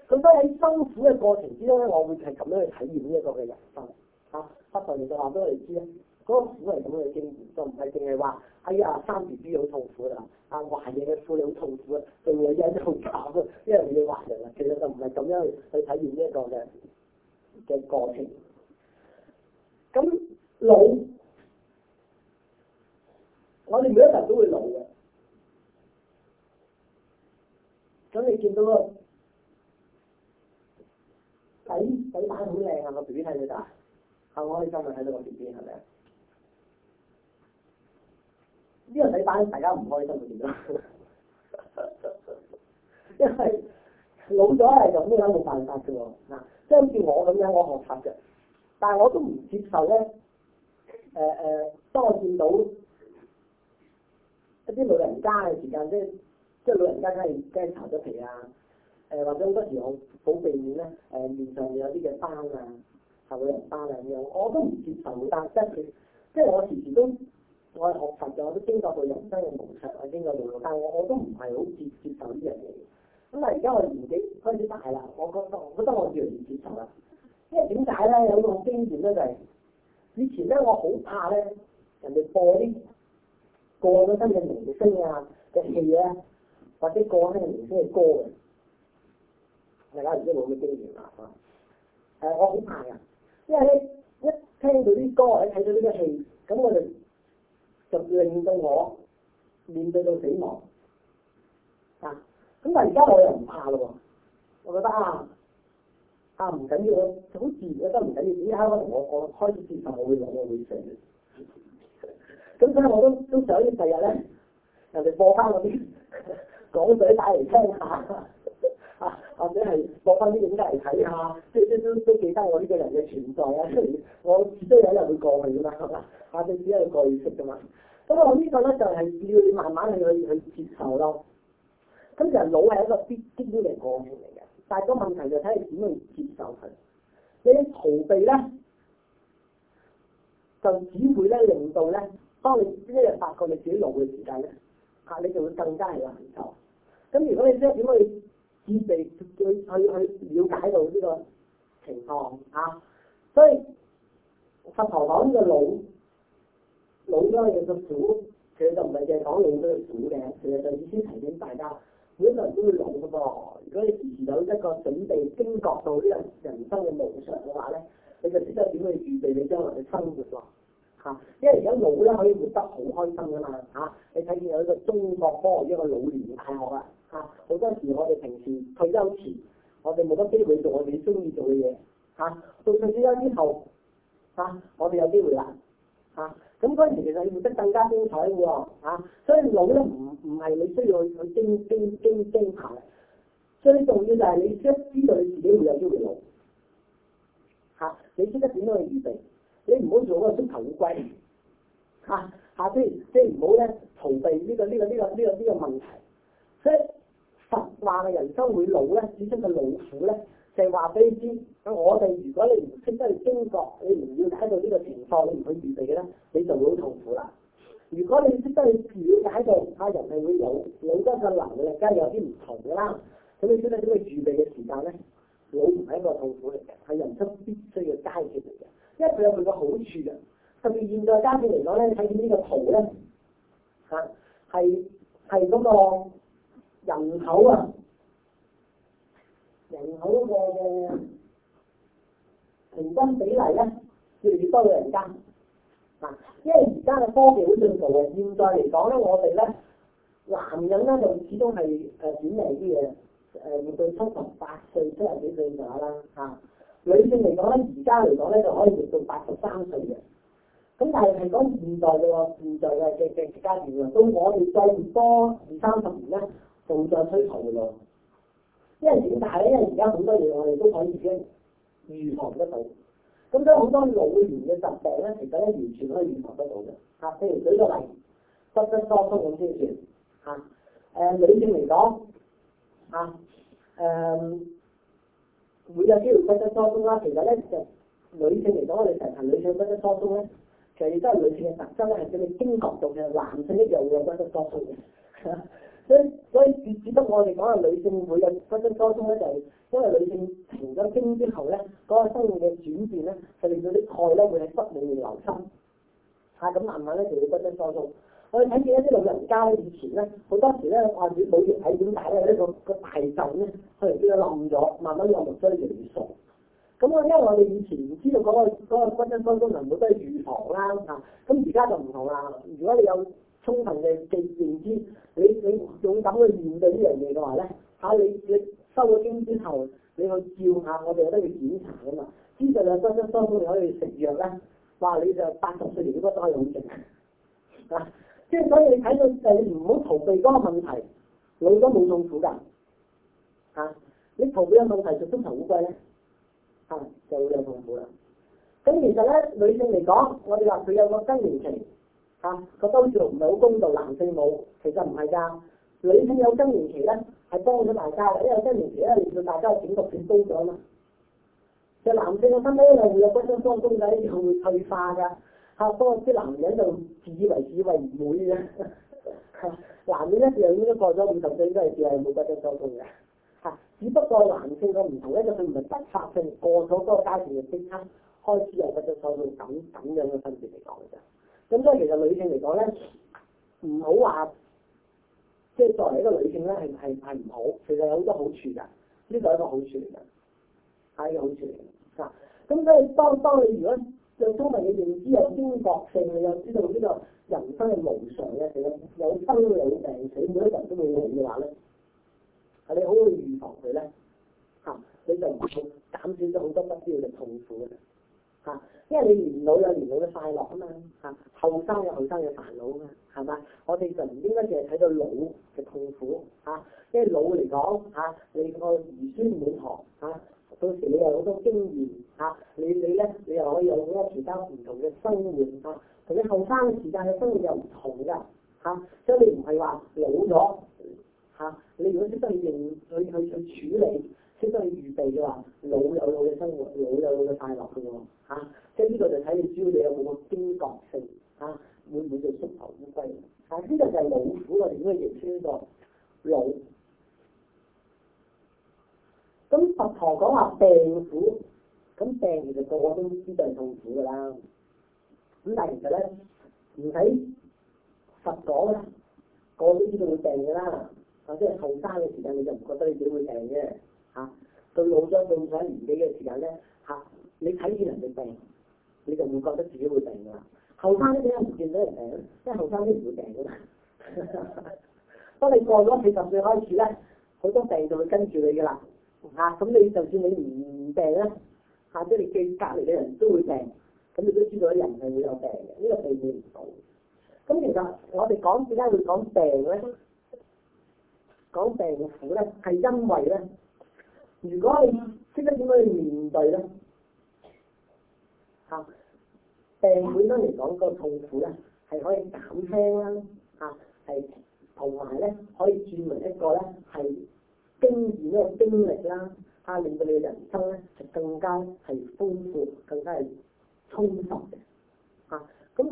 咁所以喺辛苦嘅過程之中咧，我會係咁樣去體驗呢一個嘅人生嚇。啊就這個、不就話俾我哋知咧，嗰個苦係咁樣去經驗，就唔係淨係話哎呀生 B B 好痛苦啊，啊懷孕嘅苦好痛苦啊，仲有嘢都好慘啊，呢樣嘢話人，啊，其實就唔係咁樣去去體驗呢一個嘅。嘅過程，咁老，我哋每一日都會老嘅。咁你見到個仔仔仔好靚啊，個 B B 喺度啊，開唔、啊、開心啊，睇到個 B B 係咪啊？呢個仔仔大家唔開心嘅點解？ 因為老咗嚟就呢個冇辦法啫喎嗱。跟住我咁樣，我學佛嘅，但係我都唔接受咧。誒、呃、誒、呃，當我見到一啲老人家嘅時間，即係即係老人家梗係梗係擦咗皮啊。誒、呃、或者好多時候好避免咧，誒、呃、面上有啲嘅斑啊，頭有啲斑啊咁樣，我都唔接受。但係即係佢，即係我時時都我係學佛嘅，我都經過佢人生嘅磨礪啊，經過度，但係我我都唔係好接接受呢樣嘢。咁而家我年紀開始大啦，我覺得我覺得我完全唔接受啦。因為點解咧？有個經驗咧、就係，就係以前咧，我好怕咧，人哋播啲過咗身嘅明星啊嘅戲啊，或者過咗身嘅明星嘅歌嘅。大家唔知有冇咁嘅經驗啊？誒、呃，我好怕啊！因為咧，一聽到啲歌，一睇到呢個戲，咁我就就令到我面對到死亡。咁但而家我又唔怕咯喎，我覺得啊、啊唔緊要，好自然我都唔緊要，點解我我我開始接受我會有我會識咁 所以我都都想第日咧，人哋播翻嗰啲講座帶嚟聽下，啊或者係播翻啲影帶嚟睇下，即 都都都記得我呢個人嘅存在啊！ 我都有日會過去噶嘛，係、啊、咪？反正只係過去識噶嘛。咁、啊嗯、我個呢個咧就係要你慢慢去去去接受咯。咁其實老係一個必經嘅過程嚟嘅，但係個問題就睇你點去接受佢。你逃避咧，就只會咧令到咧，當你一日發覺你自己老嘅時間咧，嚇、啊、你就會更加係難受。咁、啊、如果你真係點去接受、去去去，去，去了解到呢個情況嚇、啊，所以佛陀講呢個老老咧，其實苦，其實就唔係淨係講老嗰個苦嘅，其實就意思提醒大家。每個人都會老噶噃，如果你持有一個準備，經覺到呢個人生嘅夢想嘅話咧，你就知道點去預備你將來嘅生活咯。嚇，因為而家老咧可以活得好開心噶嘛。嚇、啊，你睇見有一個中國開一個老年大學啊。嚇，好多時我哋平時退休前，我哋冇乜機會做我哋中意做嘅嘢。嚇、啊，到退休之後，嚇、啊、我哋有機會啦。嚇，咁嗰、啊、時其實活得更加精彩嘅喎、啊啊，所以老咧唔唔係你需要去去驚驚驚驚怕嘅。所以重就你要就係你知知道你自己會有機會老，嚇、啊，你知得點樣去預備，你唔好做嗰個縮頭烏龜，下邊即係唔好咧逃避呢、呢個呢、呢個呢、呢個呢、呢個呢、呢個問題，所以佛話嘅人生會老咧，只終嘅老苦咧，就話、是、俾你知。咁我哋如果你唔識得去經過，你唔瞭解到呢個情況，你唔去預備嘅咧，你就會好痛苦啦。如果你識得去瞭解到，他、啊、人係會有有，有得嘅能力，梗係有啲唔同嘅啦。咁你識得點樣預備嘅時間咧？老唔係一個痛苦嚟嘅，係人生必須要階段嚟嘅，因為佢有佢嘅好處啊。特別現在階段嚟講咧，睇見呢個圖咧嚇，係係嗰個人口啊，人口嗰個嘅。平均比例咧越嚟越多老人家，嗱、啊，因為而家嘅科技好進步嘅，現在嚟講咧我哋咧男人咧就始終係誒短命啲嘅，誒到七十八歲七十幾歲打啦吓，女性嚟講咧而家嚟講咧就可以到八十三歲嘅，咁但係嚟講現在嘅喎，現在嘅嘅嘅家庭，到我哋再多二三十年咧就再追求嘅喎，因為點解咧？因為而家好多嘢我哋都可以自預防得到，咁所以好多老年嘅疾病咧，其實咧完全可以預防得到嘅嚇。譬如舉個例，骨質疏鬆咁先算嚇。誒女性嚟講嚇，誒會有機會骨質疏鬆啦。其實咧，就女性嚟講，我哋成日提女性骨質疏鬆咧，其實亦都係女性嘅特質咧，係叫你經絡到嘅。男性一樣會有骨質疏鬆嘅。所以所以只得我哋講係女性會有骨質疏鬆咧，就係因為女性停咗經之後咧，嗰個生命嘅轉變咧，係令到啲鈣咧會喺室裏面流失，嚇、咁慢慢咧就會骨質疏鬆。我哋睇見一啲老人家咧以前咧好多時咧掛住補鈣，睇點解咧？呢個個大腎咧，佢嚟變到冧咗，慢慢又冇咗啲營養。咁啊，因為我哋以前唔知道嗰個嗰個骨質疏鬆會唔會預防啦嚇，咁而家就唔同啦，如果你有，充分嘅嘅認知，你你勇敢去面對呢樣嘢嘅話咧，嚇、啊、你你收咗經之後，你去照下我哋有得去檢查噶嘛，知道就多多多你可以食藥咧，哇！你就八十歲應該都係好勁嘅，即係、啊、所以你睇到就唔好逃避嗰個問題，你都冇痛苦噶，嚇、啊！你逃避嘅問題就心情好怪咧，嚇、啊、就會有痛苦啦。咁其實咧女性嚟講，我哋話佢有個更年期。啊，個激素唔係好公道，男性冇，其實唔係㗎，女性有更年期咧係幫咗大家嘅，因為更年期咧令到大家整個血都咗嘛。就男性嘅心咧又會有骨質疏鬆症，會退化㗎，嚇、啊，不過啲男人就自以為自以為唔會啊，男人咧就應該過咗五十歲應該係冇骨質疏鬆嘅，嚇、啊，只不過男性個唔同咧就佢唔係不發性，過咗嗰個階段就即刻開始有骨質疏鬆咁咁樣嘅分別嚟講㗎。咁所以其實女性嚟講咧，唔好話，即係作為一個女性咧，係係係唔好，其實有好多好處㗎，呢個係一個好處嚟嘅，係一個好處嚟嘅，嚇、啊。咁所以當當你如果對生命嘅認知有啲覺性，你又知道呢個人生係無常嘅，其實有生有病死，每一人都會死嘅話咧，係你好去預防佢咧，嚇、啊，你就唔會減少咗好多不必要嘅痛苦嘅。嚇，因為你年老有年老嘅快樂啊嘛，嚇、啊，後生有後生嘅煩惱啊嘛，係咪？我哋就唔應該淨係睇到老嘅痛苦，嚇、啊，即係老嚟講，嚇、啊，你個兒孫滿堂，嚇、啊，到時你又有好多經驗，嚇、啊，你你咧，你又可以有好多其他唔同嘅生活，嚇、啊，同你後生嘅時間嘅生活又唔同㗎，嚇、啊，所以你唔係話老咗，嚇、啊，你如果啲經驗可以去去處理。即係預備嘅話，老有老嘅生活，老有老嘅快樂嘅喎，嚇、啊！即係呢個就睇你主要你有冇個驚覺性，嚇、啊，會唔會就縮頭烏龜？但呢個就係老苦啦，點解要穿呢個老？咁佛陀講話病苦，咁病其實個個都知道係痛苦嘅啦。咁但係其實咧，唔使佛講啦，個個都知道會病嘅啦。啊，即係後生嘅時間你就唔覺得你自己會病嘅。嚇、啊、到老咗到咁鬼年紀嘅時候咧，嚇、啊、你睇見人哋病，你就會覺得自己會病㗎啦。後生咧，點解唔見到人病？因為後生啲唔會病㗎啦。 當你過咗四十歲開始咧，好多病就會跟住你㗎啦。嚇、啊、咁你就算你唔病咧，嚇、啊、即你最隔籬嘅人都會病，咁你都知道人係會有病嘅，呢、這個避免唔到。咁其實我哋講點解會講病咧？講病苦咧，係因為咧。如果你識得點樣去面對咧，嚇、啊、病本身嚟講個痛苦咧係可以減輕啦、啊，嚇係同埋咧可以轉為一個咧係經驗一個經歷啦、啊，嚇、啊、令到你嘅人生咧就更加係豐富，更加係充實嘅，嚇、啊、咁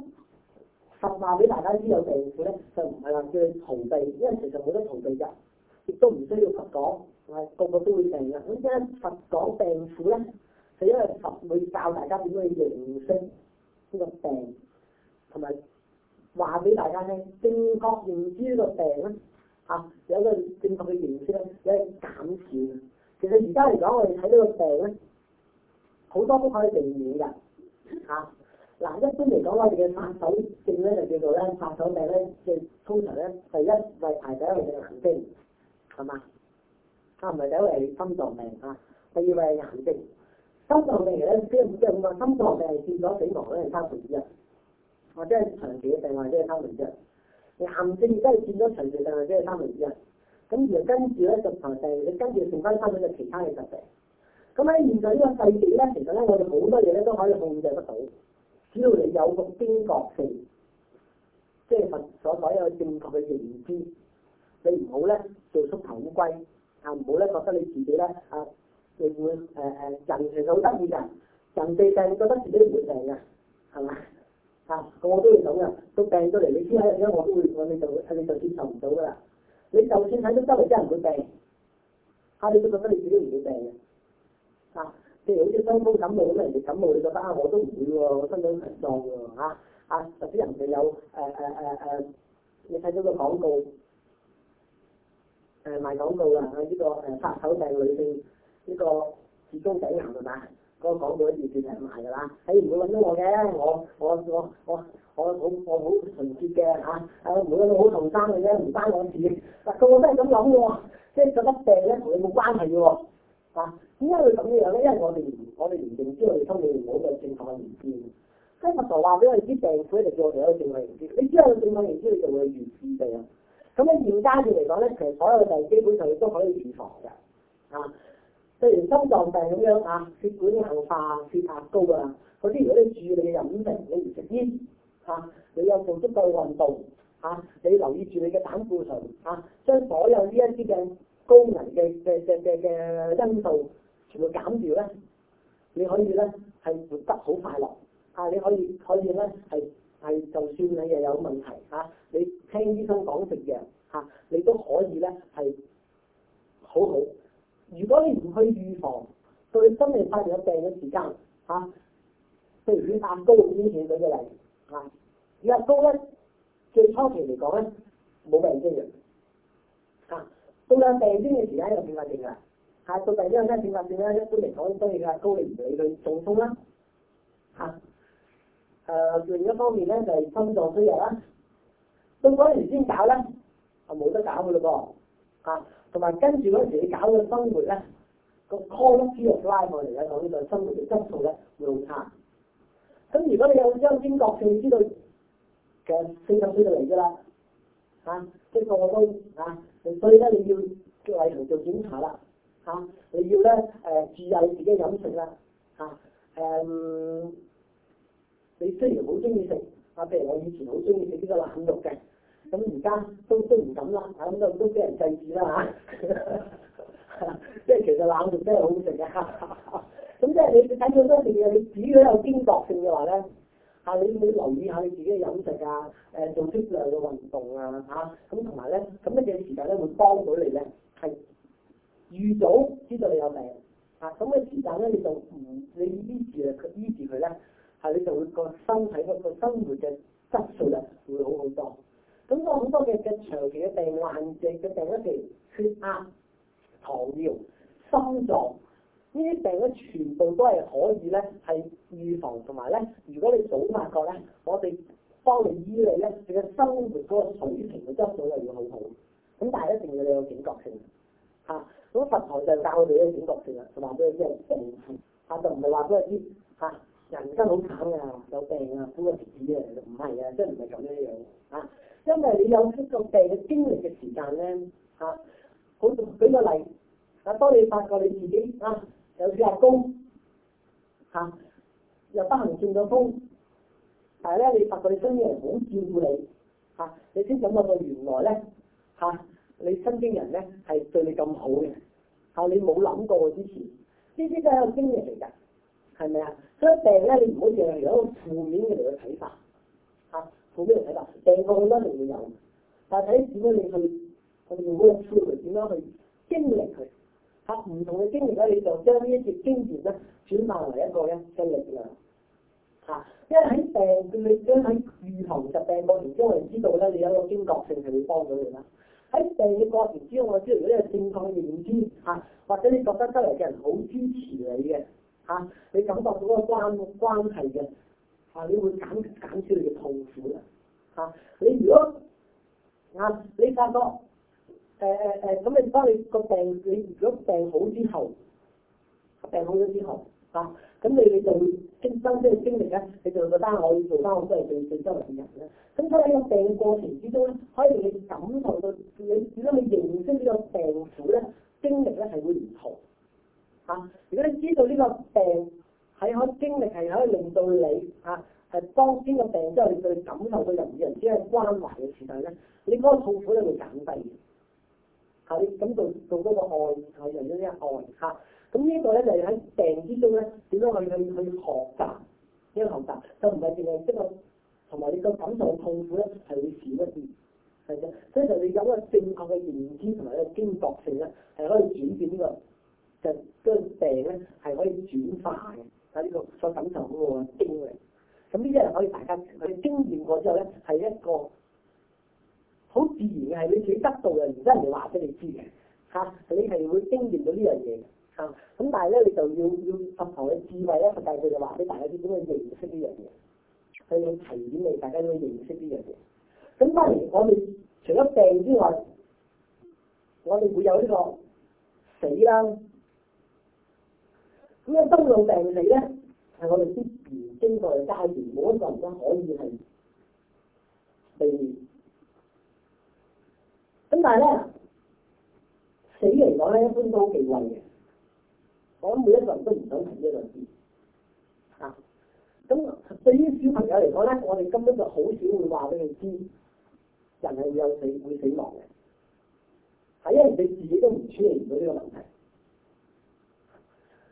實話俾大家知道，有病苦咧就唔係話叫逃避，因為其實好多逃避嘅。都唔需要佛講，係個個都會病㗎。咁即係佛講病苦咧，就因為佛會教大家點去認識呢個病，同埋話俾大家聽正確認知呢個病咧，嚇有一個正確嘅認識咧，即係減少。其實而家嚟講，我哋睇呢個病咧，好多都可以避免㗎。嚇，嗱，一般嚟講，我哋嘅殺手症咧就叫做咧殺手病咧，即通常咧第一就係排第一我哋嘅癌症。係嘛？啊唔係第一係心臟病啊，第二係癌症。心臟病咧，即係即係咁講，心臟病係見咗死亡嗰個三分之一，或者係長期嘅病，或者係三分之一。癌症亦都係見咗長期嘅病，或者係三分之一。咁而跟住咧，就嘅病，你跟住仲加生去嘅其他嘅疾病。咁喺現在呢個世紀咧，其實咧我哋好多嘢咧都可以控制得到，只要你有個警覺性，即係所所有正確嘅認知。你唔好咧做縮頭烏龜，嚇唔好咧覺得你自己咧啊，你會誒誒人係好得意嘅，人哋就係覺得自己冇病嘅，係嘛？嚇個個都會咁㗎，都病咗嚟，你先喺度咧，我都會我你就你就接受唔到㗎啦。你就算睇到周圍都唔會病，嚇你都覺得你自己唔會病嘅，嚇譬如好似傷風感冒咁啦，人哋感冒你覺得啊我都唔會喎，我身體好壯㗎嘛，啊特別人哋有誒誒誒誒，你睇到個廣告。誒賣廣告啦，呢、這個誒拍、呃、手病女性，呢、這個始終都係男㗎嘛，嗰、這個廣告完全係賣㗎啦，你、哎、唔會揾到我嘅，我我我我我好我好純潔嘅嚇，係、啊啊、我唔會好同事嘅啫，唔、啊、關我事。嗱佢都真係咁諗嘅喎，即係覺得病咧同你冇關係嘅喎，嚇、啊，點解會咁樣樣咧？因為我哋唔我哋唔認知我哋心理唔好嘅症候嘅唔知，即係我仲話俾你知病，佢哋仲有另外唔知，你之後另外唔知道我正原你就會預先病。咁咧，現代嘅嚟講咧，其實所有嘅病基本上都可以預防嘅，啊，例如心臟病咁樣啊，血管硬化、血壓高啊，嗰啲如果你注意你嘅飲食，你唔食煙，嚇、啊，你有做足夠運動，嚇、啊，你要留意住你嘅膽固醇，嚇、啊，將所有呢一啲嘅高危嘅嘅嘅嘅嘅因素全部減掉咧，你可以咧係活得好快樂，啊，你可以可以咧係。係就算你又有問題嚇、啊，你聽醫生講食藥嚇，你都可以咧係好好。如果你唔去預防，到你真係發咗病嘅時間嚇，譬、啊、如血壓高，我舉起個例嚇，血、啊、壓高咧，最初期嚟講咧冇病徵嘅嚇，到有病徵嘅時間有變化症㗎，係、啊、到第二樣嘢有變化症咧，一般嚟講都係血壓高而唔、啊啊、理佢中風啦嚇。誒、呃、另一方面咧，就係、是、心臟衰弱啦。到嗰陣時先搞啦，係、啊、冇得搞嘅咯噃。嚇、啊，同埋跟住嗰陣你搞嘅生活咧，個抗衰弱拉過嚟咧，咁就生活嘅質素咧會好差。咁如果你有優先覺性知道嘅，飛緊飛到嚟㗎啦。嚇、啊，即係我都啊，所以咧你要例行做檢查啦。嚇、啊，你要咧誒注意你自己飲食啦。嚇、啊，誒、啊。啊啊。你雖然好中意食啊，譬如我以前好中意食呢個冷肉嘅，咁而家都都唔敢啦，咁就都俾人制止啦嚇。即 係其實冷肉真係好好食嘅，咁即係你睇好多嘢嘅，你主要有警覺性嘅話咧，嚇，你要留意下你自己嘅飲食啊，誒做足量嘅運動啊，嚇，咁同埋咧咁嘅時間咧會幫到你咧係預早知道你有病，嚇，咁嘅時間咧你就唔你醫治啊醫治佢咧。係你就會個身體嗰個生活嘅質素啊，會好好多。咁多好多嘅嘅長期嘅病、慢性嘅病，例如血壓、糖尿、心臟，呢啲病咧全部都係可以咧係預防，同埋咧如果你早發覺咧，我哋幫你醫你咧，你嘅生活嗰個水平嘅質素又要好好。咁但係一定要你有警覺性，嚇、啊！咁佛堂就教我哋有警覺性啊，同埋俾你啲病啊，就唔係話俾你知嚇。啊人生好慘噶，有病啊，好多事啊，唔係啊，真係唔係咁樣樣啊。因為你有呢個病嘅經歷嘅時間咧，嚇、啊，好舉個例，啊，當你發覺你自己啊有血壓高，嚇、啊，又不幸中咗風，但係咧你發覺你身邊人好照顧你，嚇、啊，你先諗到個原來咧，嚇、啊，你身邊人咧係對你咁好嘅，嚇、啊、你冇諗過之前，呢啲都係一個經歷嚟㗎。係咪啊？所以病咧，你唔好淨係有一個負面嘅嚟去睇法，嚇負面嘅睇法，病痛好多人都有，但睇點樣你去去用嗰種智慧點樣去經歷佢，嚇、啊、唔同嘅經歷咧，你就將呢一啲經驗咧轉化為一個咧嘅力量，嚇、啊。因為喺病嘅、啊，你將喺預防疾病過程中，我哋知道咧，你有一個警覺性係會幫到你啦。喺、啊、病嘅過程之中，我知如果有正向認知嚇、啊，或者你覺得周圍嘅人好支持你嘅。啊啊！你感覺到嗰個關關係嘅，啊，你會減減少你嘅痛苦啦。嚇、啊！你如果啱、啊，你發覺誒誒誒，咁你當你個病，你如果病好之後，啊、病好咗之後，啊，咁你你就會經心即係經歷咧，你就會覺得我做翻我真係最最周圍嘅人。咁所以個病過程之中咧，可以你感受到你如果你認識呢個病苦咧，經歷咧係會唔同。如果你知道呢個病係可以經歷，係可以令到你嚇係幫邊個病友，令佢感受到人與人之間關懷嘅時候咧，你嗰個痛苦咧會減低嘅。係咁做做嗰個愛，係人中一愛。咁呢一個咧就係喺病之中咧，點樣去去去學習，呢個學習，就唔係淨係一個，同埋你個感受痛苦咧係會少一啲，係咪先？所以就你有個正確嘅認知同埋一個警覺性咧，係可以轉變呢個。就個病咧係可以轉化嘅，喺呢個再感受嗰個經歷。咁呢啲係可以大家去經驗過之後咧，係一個好自然嘅，係你自己得到嘅，而家唔係話俾你知嘅嚇，你係會經驗到、啊、呢樣嘢嚇。咁但係咧，你就要要合頭嘅智慧咧，佢就話俾大，大家知點樣認識呢樣嘢，佢要提點你大家去認識呢樣嘢。咁當然，我哋除咗病之外，我哋會有呢個死啦。咁啊，生老病死咧，係我哋之前經過嘅階段，每一個人都可以係避免。咁但係咧，死嚟講咧，一般都好忌諱嘅。我諗每一個人都唔想死呢個字，啊，咁對於小朋友嚟講咧，我哋根本就好少會話俾佢知，人係會有死，會死亡嘅，係、啊、因為你自己都唔處理唔到呢個問題。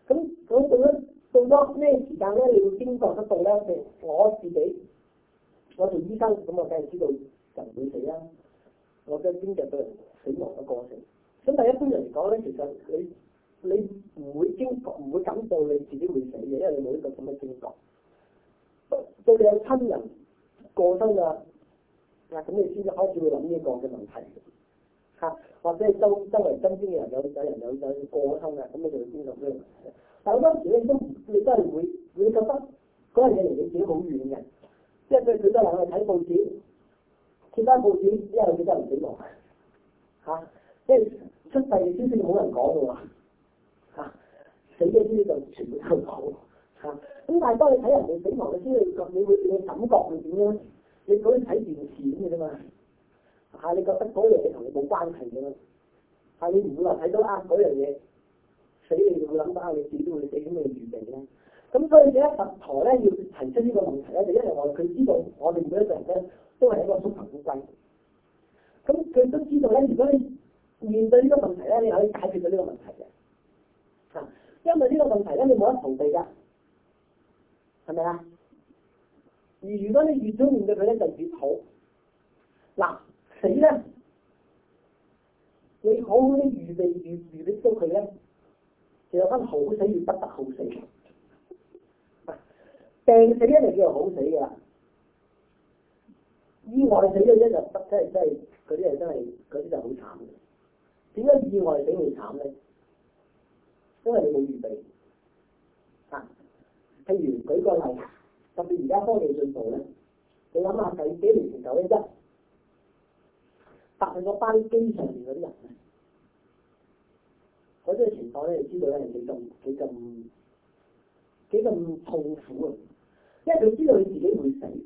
咁咁到咗咩時間咧？你會經覺得到咧？譬如我自己，我做醫生，咁我梗係知道人會死啦。我即係觀察到死亡嘅過程。咁但一般人嚟講咧，其實你你唔會經覺，唔會感到你自己會死嘅，因為你冇呢個咁嘅經覺。到你有親人過身啊，啊咁你先至開始會諗呢個嘅問題。嚇，或者周周圍周邊嘅人有有人有有，人有，有，人有過通嘅，咁你就會知道咩。但好多時你都唔，你真係會會覺得嗰樣嘢離你自己好遠嘅，即係最最都係去睇報紙，貼返報紙之後，你都係唔死亡。嚇、啊，即、就、係、是、出世嘅消息冇人講嘅喎、啊，死咗消息就全部都冇嚇。咁、啊、但係當你睇人哋死亡，你先你會你感覺係點樣？你嗰啲睇原始嘅啫嘛。係，你覺得嗰樣嘢同你冇關係嘅咩？你唔會話睇到啊嗰樣嘢死到，你會諗翻我哋點會死咁嘅預定咧？咁、嗯、所以呢一佛陀咧要提出呢個問題咧，就因為我佢知道我哋每一個人咧都係一個捉窮鬼，咁佢都知道咧，如果你面對呢個問題咧，你可以解決到呢個問題嘅嚇、啊，因為呢個問題咧你冇得逃避㗎，係咪啊？而如果你越早面對佢咧，就越好嗱。死咧，你好好啲預備預預備疏佢咧，其實分好死要不得好死，嗯。病死一定叫好死噶，意外死咗一日，得真係真係嗰啲人真係嗰啲就好慘。點解意外死會慘咧？因為你冇預備啊。譬、嗯、如舉個例，特別而家科技進步咧，你諗下十幾年前就咧，一。搭去個班機上面嗰啲人呢，嗰啲嘅情況咧，你知道咧人幾咁幾咁幾咁痛苦啊！因為佢知道佢自己會死，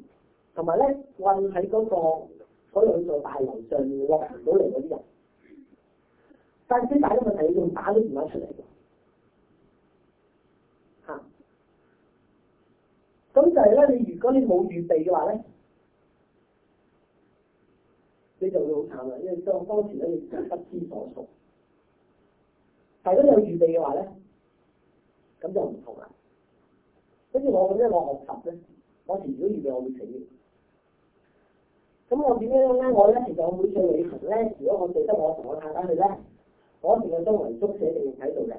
同埋咧困喺嗰個嗰兩座大樓上面落唔到嚟嗰啲人，但係啲大問題仲打都唔出嚟喎嚇！咁就係咧，你如果你冇預備嘅話咧。你就會好慘啦，因為當當時咧你不知所措，但係如果有預備嘅話咧，咁就唔同啦。跟住我咁樣我學習咧，我時如果預備，我會死。咁我點樣咧？我咧其實我每次旅行咧，如果我坐得我同我太太去咧，我一定有張圍桌寫定睇到嘅，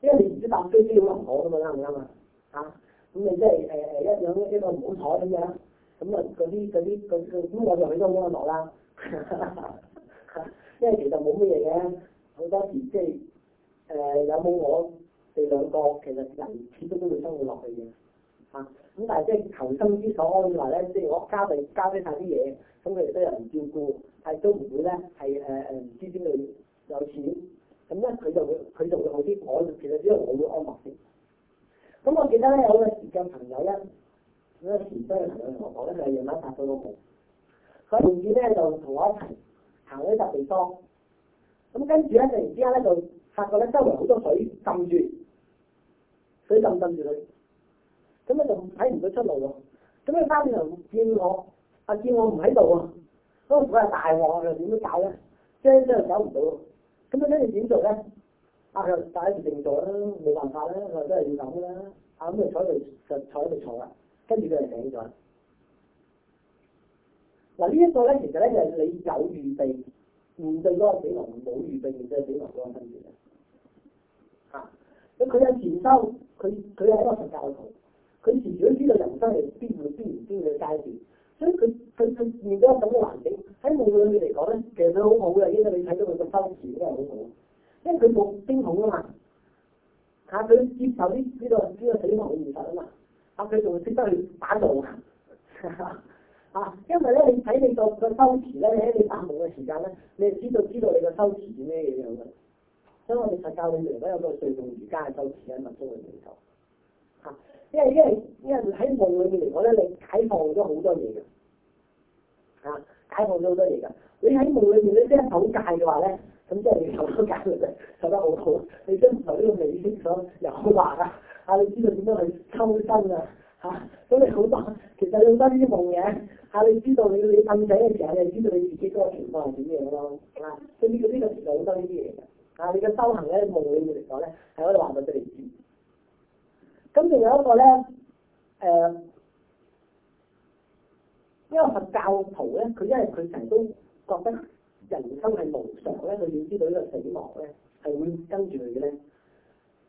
因為你唔知搭飛機要乜坐㗎嘛，啱唔啱啊？啊，咁你即係誒一兩一個唔好坐咁樣。咁啊，嗰啲嗰啲咁我又比較安樂啦， 因為其實冇乜嘢嘅，好多時即係誒、呃、有冇我哋兩個，其實人始終都會生活落去嘅，嚇、啊，咁但係即係求生之所需咧，即係我交俾交俾晒啲嘢，咁佢哋都有人照顧，係都唔會咧係誒誒唔知邊度有錢，咁咧佢就會佢就會好啲，我其實主要我會安樂啲。咁、嗯、我記得咧，有個時間朋友咧。嗰個前妻同佢婆婆咧就夜晚爬到嗰度，佢突然間咧就同我一齊行嗰笪地方，咁跟住咧突然之間咧就發覺咧周圍好多水浸住，水浸浸住佢，咁咧就睇唔到出路喎。咁佢翻嚟又見我，啊見我唔喺度喎，嗰個婦人大鑊又點樣搞咧？真真係走唔到喎。咁佢跟住點做咧？啊佢話帶一條定座啦，冇辦法啦，佢真係要咁嘅啦。啊咁就坐喺度，就坐喺度坐啦。跟住佢就醒咗。嗱、啊這個、呢一個咧，其實咧就係、是、你有預備，唔對嗰個死亡，冇預備唔對死亡嗰個經驗。咁佢有前修，佢佢係一個佛教徒，佢前然都知道人生係邊個邊邊嘅階段，所以佢佢佢面對嗰咁嘅環境，喺夢裏面嚟講咧，其實佢好好嘅，因為你睇到佢嘅發展真係好好，因為佢冇驚恐啊嘛，嚇、啊、佢接受啲、這、呢個呢、這個死亡嘅現實啊嘛。啊！佢仲會識得去打動、啊 啊、你你你你夢你你你有有你，啊，因為咧，你睇你個個修持，咧，喺你打夢嘅時間咧，你係知道知道你個修持咩樣嘅。所以我哋佛教裏面果有個最重而家嘅修持，喺物中嘅宇宙，嚇，因為因為因為喺夢裏面，我覺得你解放咗好多嘢㗎，啊，解放咗好多嘢㗎。你喺夢裏面你真係守戒嘅話咧，咁即係你守緊㗎啫，守得好好，你都唔受呢個美色所誘。啊！你知道點樣去抽身啊？嚇、啊！咁你好多，其實好多呢啲夢嘅。啊！你知道你你瞓醒嘅時候，你知道你自己嗰個情況係點樣咯？係咪啊？所以呢、這個其實好多呢啲嘢嘅。啊！你嘅修行咧，夢裏面嚟講咧，係可以話到出嚟知。咁仲有一個咧，誒、呃，因為佛教徒咧，佢因為佢成日都覺得人生係無常咧，佢要知道呢個死亡咧係會跟住你嘅咧。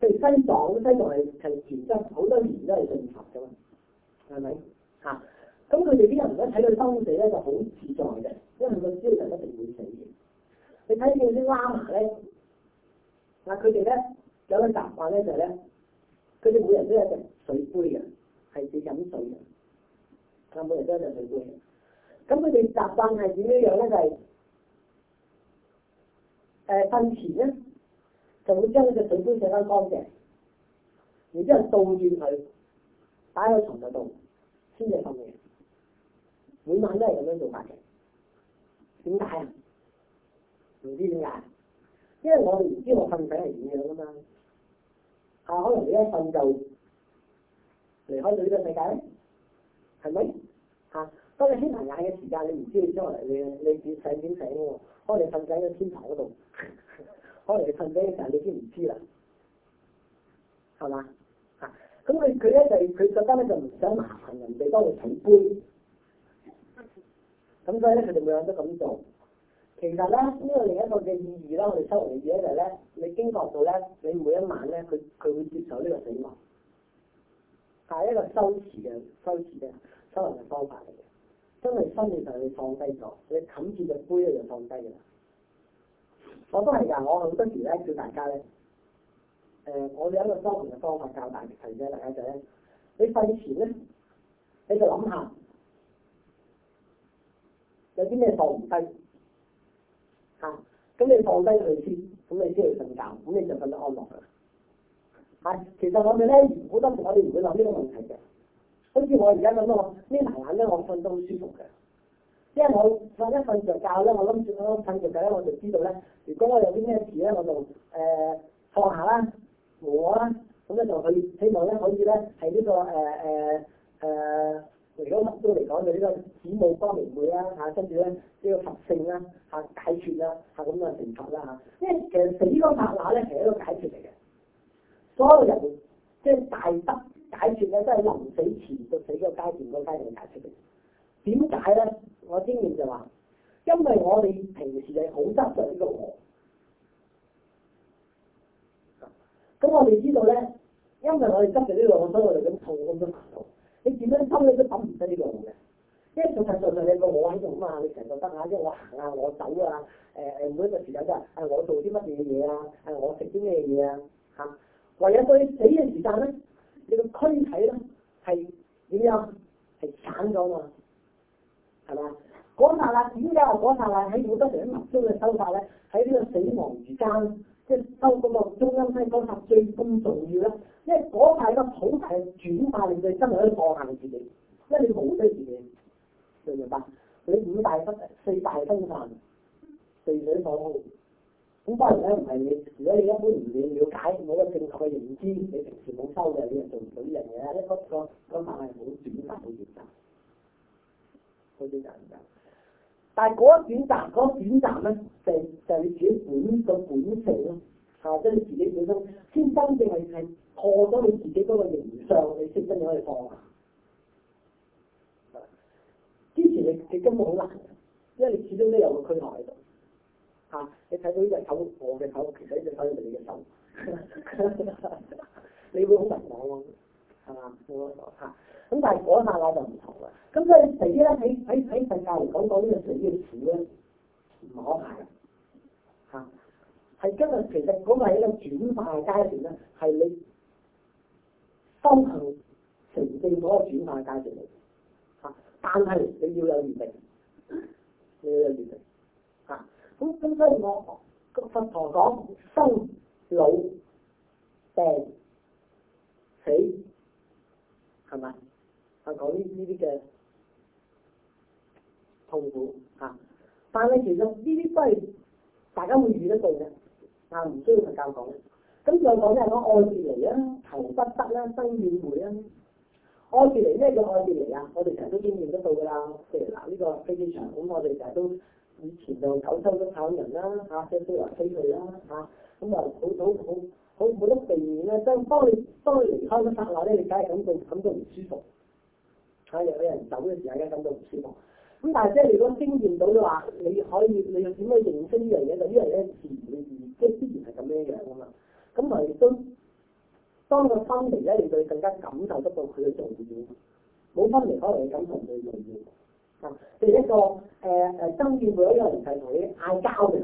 佢哋西藏，西藏係係全真，好多年都係信佛㗎嘛，係咪吓？咁佢哋啲人咧睇佢生死咧就好自在嘅，因為佢知道人一定會死嘅。你睇見啲喇嘛咧，嗱佢哋咧有個習慣咧就係、是、咧，佢哋每人都有隻水杯嘅，係隻飲水嘅，啊每人都有隻水杯嘅。咁佢哋習慣係點樣樣咧？就係誒瞓前咧。就會將佢嘅水杯洗得乾淨，然之後倒轉佢擺喺床度先至瞓嘅，每晚都係咁樣做法嘅。點解啊？唔知點解，因為我哋唔知我瞓、啊啊、醒係點樣噶嘛嚇。可能你一瞓就離開咗呢個世界，係咪嚇？當你眯埋眼嘅時間，你唔知你將來你你點醒點醒喎？可能你瞓醒喺天台嗰度。可能你瞓低嘅時候，你已經唔知啦，係、啊、嘛？嚇！咁佢佢咧就佢覺得咧就唔想麻煩人哋幫佢捧杯，咁所以咧佢哋冇有得咁做。其實咧呢個另一個嘅意義咧，我哋收紅紙咧就係咧，你經歷到咧，你每一晚咧，佢佢會接受呢個死亡，係一個修詞嘅修詞嘅收紅嘅方法嚟嘅。真係心理上你放低咗，你冚住嘅杯咧就放低嘅。我都係噶，我好多時咧叫大家咧，誒、呃，我哋一個相同嘅方法教大家嘅。大家就咧，你瞓前咧，你就諗下有啲咩放唔低嚇，咁、啊、你放低佢先，咁你先去瞓覺，咁你就瞓得安樂嘅。係、啊，其實我哋咧，好多時我哋唔會諗呢個問題嘅，好似我而家咁啊，眯埋眼咧，我瞓都好舒服嘅。即係我我一瞓着覺啦，我諗住我瞓着覺咧，我就知道咧。如果我有啲咩事咧，我就誒放、呃、下啦，我啊，咁咧就去希望咧可以咧係呢個誒誒誒，如果佛經嚟講就是個啊、呢個子母光明會啦嚇，跟住咧呢個佛性啦嚇、啊、解決啦嚇咁嘅成佛啦嚇。因為其實死光拍拿咧係一個解決嚟嘅，所有人即係大德解決咧都係臨死前就死嗰階段嗰階段解決嘅。那個點解咧？我經驗就話，因為我哋平時係好執著呢個我，咁我哋知道咧，因為我哋執著呢個我，所以我哋咁痛咁都難到。你點樣心你都諗唔得呢個我嘅，因為實實上你個我喺度啊嘛，你成日得啊，因為我行啊，我走啊，誒、呃、每一個時間都係我做啲乜嘢嘢啊，係我食啲咩嘢啊，嚇。唯有到你死嘅時間咧，你個軀體咧係點樣係散咗嘛？係嘛？講曬啦，點解話講曬啦？喺好多時啲脈中嘅修法咧，喺呢個死亡之間，即係修嗰個中央氣波塔最咁重要啦。因為嗰塊嘅土塊轉化你嘅根喺度降降自己，即係你好需要。你明白？你五大分，四大分散，四水放開。咁當然咧，唔係你如果你一般唔了解冇一個正確嘅認知，你平時冇修嘅，你係做唔到呢樣嘢啦。呢個個個脈係冇轉化，冇轉化。但係嗰一短暫，嗰、那、一、個、短暫咧、就是，就就是、你自己本、那個本性咯，嚇、啊！即、就、係、是、你自己本身，先真正係係破咗你自己嗰個形象，你先真可以放。嗯、之前你你根本好難，因為你始終都有個軀殼喺度，嚇、啊！你睇到呢隻手，我嘅手，其實呢隻手係你嘅手， 你會好難講喎，係嘛？好啊，嚇！咁但係嗰下我就唔同啦，咁佢哋至咧喺喺喺佛教嚟講，嗰啲嘢屬於咩事咧？唔可排嚇，係今日其實嗰個係一個轉化嘅階段咧，係你修行成正果嘅轉化階段嚟嚇，但係你要有毅力，你要有毅力嚇。咁、啊、咁所以我個佛堂講生老病死係咪？啊，講呢啲呢啲嘅痛苦嚇、啊，但係其實呢啲都係大家會遇得到嘅，啊唔需要佢教、啊、講。咁再講就係講愛別離啊、求不得啦、怨憎會啊。愛別離，咩叫愛別離啊？這個、ion，我哋成日都經驗得到㗎啦。譬如嗱呢個飛機場，咁我哋成日都以前就走州都炒人啦，嚇飛飛來飛去啦，嚇咁啊，啊，啊好早好好冇得避免啦。即、啊、係當你當你離開咗法鬧咧，你梗係感到感到唔舒服。啊、有人走嘅時候，而家感到唔舒服。咁、嗯、但係即係如果經驗到嘅話，你可以你又點樣認識呢樣嘢？就呢樣嘢自然而即係必然係咁樣樣噶嘛。咁、嗯、係都當個分離咧，令到你更加感受得到佢嘅重要。冇分離可能你感受唔到佢重要、啊呃。啊，譬如一個誒誒，生意會有一個人係同你嗌交嘅，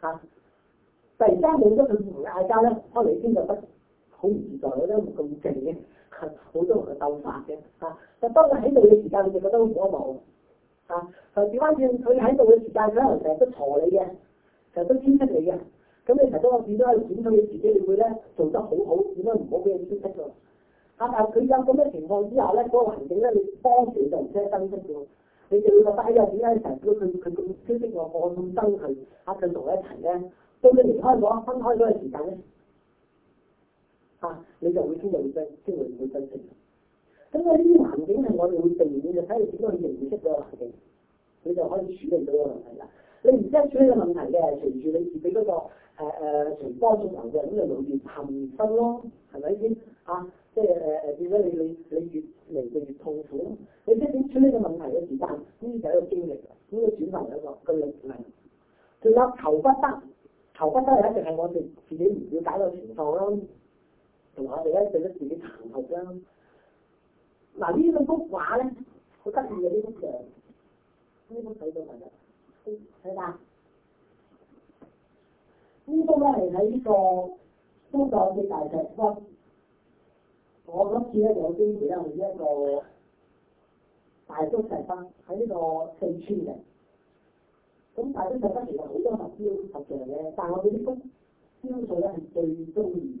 突然間冇咗佢同嗌交咧，可能先覺得好唔自在咧，唔咁勁嘅。好多人去鬥法嘅嚇，就當佢喺度嘅時間，你就覺得好過望嚇。就轉翻轉，佢喺度嘅時間佢能成日都嘈你嘅，成日都挑剔你嘅。咁你提日都我變咗去管佢，你自己你會咧做得好好，點解唔好俾人挑剔到？啊，但佢有咁嘅情況之下咧，嗰、嗰個環境咧，你當時就唔捨得珍惜嘅，你就會覺得喺度點解成日都佢佢咁挑剔我，我咁憎佢，阿俊同佢一齊咧，到佢離開咗、嗰個，分開咗嘅時間咧。嚇，你就會先會增，先會會增升。咁呢啲環境係我哋會定義嘅，睇你點樣去認識個環境，你就可以處理到個問題㗎。你唔識處理個問題嘅，隨住你自己嗰、那個誒誒、呃、隨波逐流嘅，咁就越陷越深咯，係咪先？啊，即係誒誒，變咗你你你越嚟就越痛苦。你即係點處理個問題嘅時間，呢啲就係一個經歷啊。咁佢轉化為一個一個力量，佢有求不得，求不得一定係我哋自己唔了解個情況咯。同埋我哋咧對得自己談學啦。嗱，呢兩幅畫咧，好得意嘅，呢幅像，呢幅睇到未啊？睇下。呢幅咧係喺呢個中國嘅大石窟。我嗰次咧有機會咧去呢一個大石窟，喺呢個四川嘅。咁大石窟其實好多佛雕石像嘅，但係我對呢幅雕塑咧係最中意。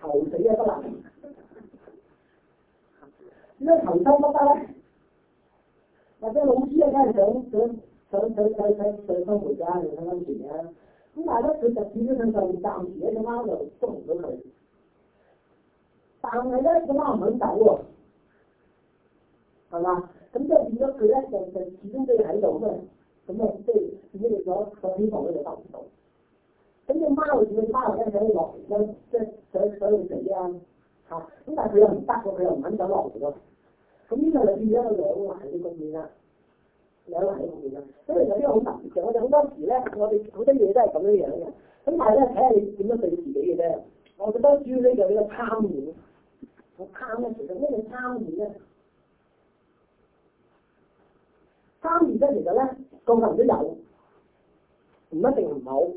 投死啊得啦，點解投生唔得咧？或者老師啊，梗係想想想想想想收門生，想揾錢啊。咁但係咧，佢、hmm、就始終想暫時咧，隻貓就捉唔到佢。但係咧，隻貓唔肯走喎，係嘛？咁即係變咗佢咧，就就始終都要喺度嘅。咁啊，即係呢個咗，咗呢個咧就達唔到。咁你貓會點？貓又驚你落嚟即係想想佢食啲啊嚇。咁但係佢又唔得，個佢又唔肯走落嚟咁，呢個你見咗兩難嘅局面啦，兩難嘅局面啦。咁所以呢個好特別嘅，我哋好多時咧，我哋好多嘢都係咁樣樣嘅。咁但係咧，睇下你點樣對自己嘅啫。我覺得主要咧就係貪念，貪咧其實咩叫貪念咧？貪念咧其實咧，確實都有，唔一定唔好。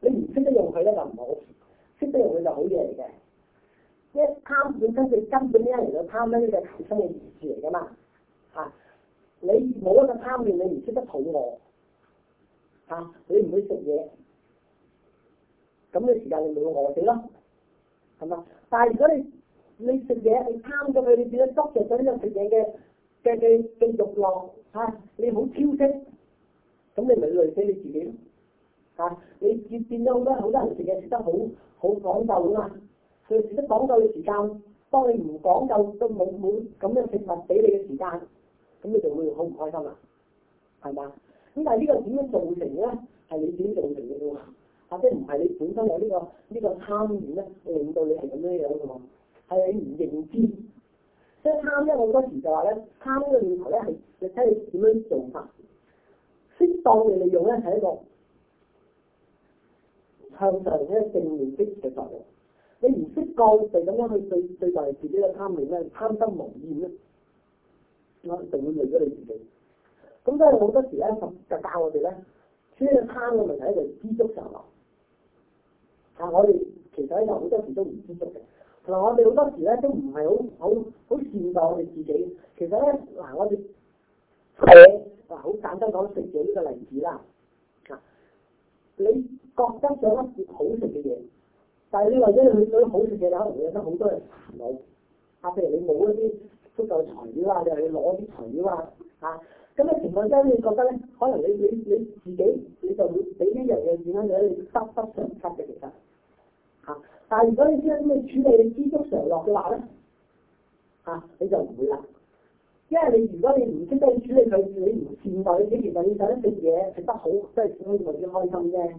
你唔識得用佢咧就唔好，識得用佢就好嘢嚟嘅。一貪本身最根本呢，嚟到貪呢個求生嘅意思嚟噶嘛嚇、啊。你冇一個貪念，你唔識得肚餓嚇、啊，你唔會食嘢，咁嘅時間你咪會餓死咯，係嘛？但係如果你你食嘢你貪咗佢，你只得執着咗呢個食嘢嘅嘅嘅嘅慾望嚇，你好挑剔，咁你咪累死你自己咯。你見到好多，好多人食嘢食得好好講究啊嘛，佢食得講究嘅時間，當你唔講究都冇冇咁嘅食物俾你嘅時間，咁你就會好唔開心啦，係嘛？咁但係呢個點樣造成咧？係你自己造成嘅啫嘛，啊，即唔係你本身有呢、呢個呢、呢個貪念咧，令到你係咁樣樣嘅嘛？係你唔認知，即係貪咧。好多時就話咧，貪呢個,個念頭咧係，你睇你點樣做法，適當嘅利用咧係一個。向上咧，正面積極嘅作用。你唔識降地咁樣去對對,對對待自己嘅貪念咧，貪得無厭咧，嗱，定會累咗你自己。咁所以好多時咧，就教我哋咧，關於貪嘅問題咧，就知足常樂。但我哋其實咧有好多時都唔知足嘅。同埋我哋好多時咧都唔係好好好善待我哋自己。其實咧，嗱、呃，我哋食，嗱的，好簡單講食嘢呢個例子啦。啊、呃，你？覺得想一啲好食嘅嘢，但係你或者佢嗰啲好食嘅嘢，可能引得好多嘢煩惱。啊，譬如你冇一啲足夠材料啊，又係攞啲材料啊，嚇咁嘅情況之下，你覺得咧，可能你你你自己你就會俾呢樣嘢影響到你，得得常拆嘅其實嚇。但係如果你知道點樣處理，知足常樂嘅話咧嚇，啊，你就唔會啦。因為你如果你唔識得去處理佢，你唔善待佢，其實你食一啲嘢食得好，都係只可以為之開心啫。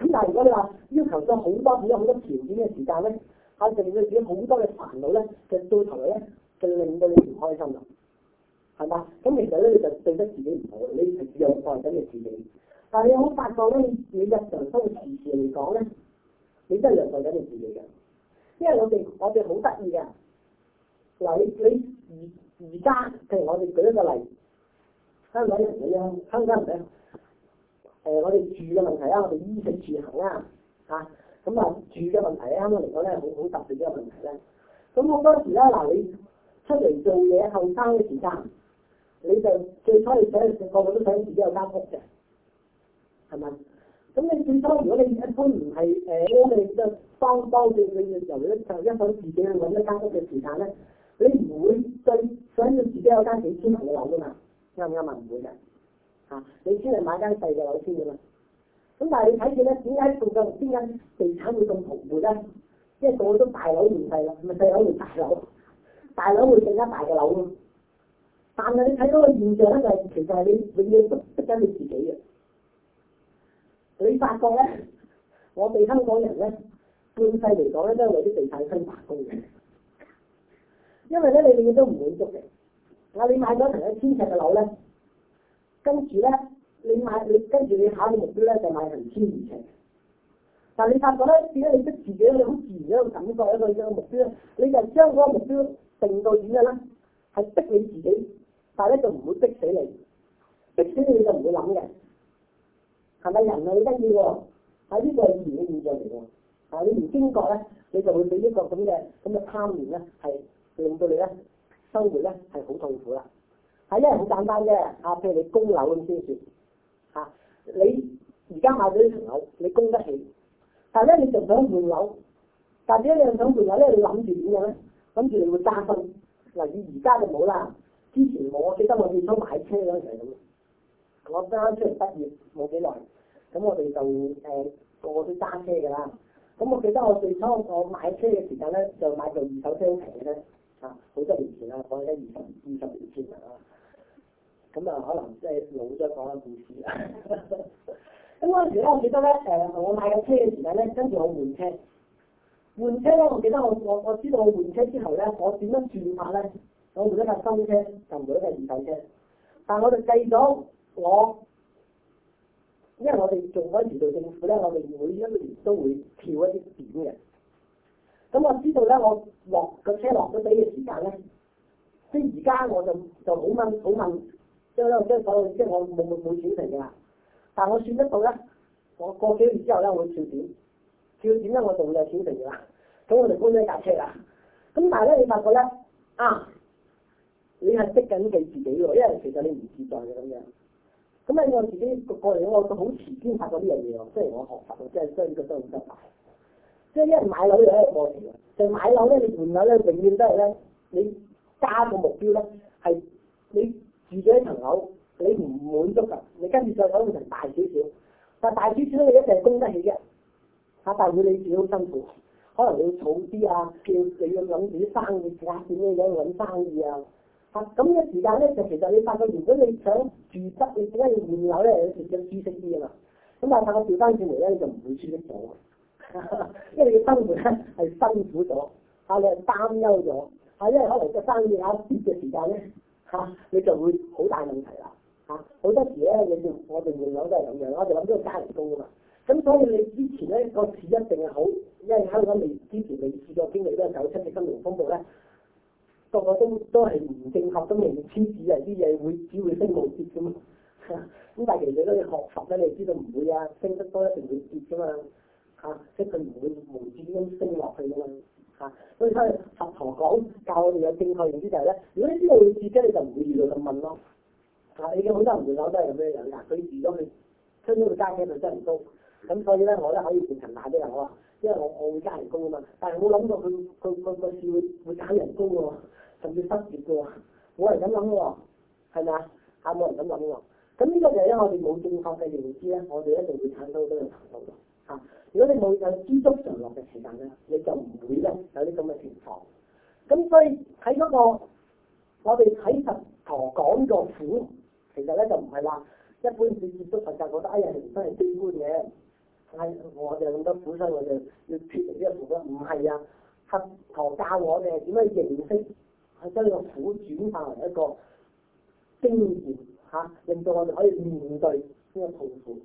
咁但係如果你話要求咗好多好多好多條件嘅時間咧，係令到自己好多嘅煩惱咧，就到頭嚟咧，就令到你唔開心啦，係嘛？咁其實咧就對得自己唔好，你係只有愛緊你自己。但係你有冇發覺咧，你日常生活時時嚟講咧，你真係虐待緊你自己嘅，因為我哋我哋好得意嘅，嗱你你而而家，譬如我哋舉一個例，香港人，你啊，生唔生？誒、呃，我哋住嘅問題啦，我哋衣食住行啦、啊，嚇、啊，咁啊住嘅問題啊，啱啱嚟講咧，好好特別嘅問題咧。咁、嗯、好多時啦，嗱、呃，你出嚟做嘢後生嘅時間，你就最初你想個個都想自己有間屋嘅，係咪？咁、嗯、你最初如果你一般唔係誒，我哋即包包幫佢佢嘅時候咧，就因為自己去揾一間屋嘅時間咧，你唔會跟想住自己有間幾千平嘅樓嘅嘛？啱唔啱啊？唔會嘅。啊！你先嚟買間細嘅樓先嘅嘛，咁但係你睇見咧，點解最近邊間地產會咁蓬勃咧？即係個個都大樓唔細,細樓，唔係細樓連大樓，大樓會更加大嘅樓咯。但係你睇到個現象咧、就係，就其實係你永遠捉捉緊你自己嘅。你發覺咧，我哋香港人咧，半世嚟講咧，都係為啲地產商打工嘅，因為咧你永遠都唔滿足嘅。嗱，你買咗層一千尺嘅樓咧。跟住咧，你買跟你跟住你考嘅目標咧就買成千而成，但你發覺咧，點解你逼自己你好自然，自然一個感覺一個呢個目標咧，你就將個目標定到點嘅啦，係逼你自己，但係咧就唔會逼死你，逼死你，你就唔會諗嘅，係咪人啊好得意喎？啊呢個係自然嘅現象嚟嘅，啊你唔經覺咧，你就會俾一個咁嘅咁嘅貪念咧，係令到你咧生活咧係好痛苦啦。係因為好簡單啫，啊，譬如你供樓咁先算，嚇、啊、你而家買咗啲層樓，你供得起，但係咧你仲想換樓，但係點解你又想換樓咧？你諗住點樣咧？諗住你會揸分，嗱、啊，而家就冇啦。之前我記得我最初買車嗰陣時咁，我啱啱出嚟畢業冇幾耐，咁我哋就誒個、呃、個都揸車㗎啦。咁我記得我最初我買車嘅時間咧，就買部二手車出嚟嘅咧，啊，好多年前啦，講緊二十二十年前啦。咁啊，就可能即係老咗講緊故事啦。咁嗰陣時咧，我記得咧，誒、呃、我買架車嘅時間咧，跟住我換車，換車咧，我記得我我我知道我換車之後咧，我點樣轉法咧？我換一架新車，就換一架二手車。但係我哋計咗我，因為我哋做嗰時做政府咧，我哋每一年都會跳一啲點嘅。咁我知道咧，我落個車落咗底嘅時間咧，即係而家我就就好問好問。即係即我即係我冇冇冇錢剩㗎，但我算得到咧。我過幾月之後咧，會跳點，跳點咧，我就會有錢剩㗎。咁我哋搬咗架車啦。咁但係咧，你發覺咧啊，你係逼緊計自己喎，因為其實你唔自在嘅咁樣。咁啊，我自己過嚟我好遲先發覺呢樣嘢喎，即係我學習即係將個收益增大。即、就、係、是、一係買樓又係一個事啊。就是、買樓咧，你換樓咧，永遠都係咧，你揸個目標咧係你。住咗一層樓，你唔滿足嘅，你跟住再搞一層大少少，但大少少你一定係供得起嘅。阿大會你自己好辛苦，可能你要儲啲啊，要你要諗住啲生意啊，點樣樣去搵生意啊？啊，咁嘅時間咧，就其實你發覺，如果你想住得，你點解要換樓咧？你變咗知識啲啊嘛。咁但係我調翻轉嚟咧，你就唔會舒適咗。因為你生活咧係辛苦咗，你係擔憂咗，係因為可能個生意啊，跌嘅時間咧。嚇、啊，你就會好大問題啦！嚇、啊，好多時咧，我哋我哋業友都係咁樣，我哋諗咗加人工啊嘛。咁所以你之前咧，個市一定係好，因為香港未之前未試過經歷咧九七嘅金融風暴咧，個個都都係唔正確咁嚟推指啊，啲嘢會只會升冇跌嘅嘛。咁、啊、但係其實你都要學習咧，你知道唔會啊，升得多一定會跌噶嘛。嚇、啊，即係佢唔會無止咁升落去㗎嘛。啊！嗯、所以而家佛陀講教我哋有正確認知就係咧，如果你知道佢自己，你就唔會遇到咁問咯。已啊，好多人都講都係咁樣樣㗎，佢預咗佢，出呢個差價就真係唔高。咁所以咧，我都可以變勤勉啲啊，我啊，因為我我會加人工啊嘛。但係冇諗到佢佢佢佢會會減人工喎，甚至失業㗎喎，冇人咁諗喎，係咪啊？嚇，冇人咁諗喎。咁呢個就因為我哋冇正確嘅認知咧，我哋一定會產生啲人難到㗎嚇。ma 如果你冇有知足常樂嘅時間咧，你就唔會咧有啲咁嘅情況。咁所以喺嗰、那個我哋睇佛陀講個苦，其實咧就唔係話一般接觸佛就覺得哎呀真係係悲觀嘅，係我哋有咁多苦身，我哋要脱離呢個苦，唔係啊，係佛陀教我哋點樣認識係將個苦轉化為一個經驗嚇，令、啊、到我哋可以面對呢個痛苦。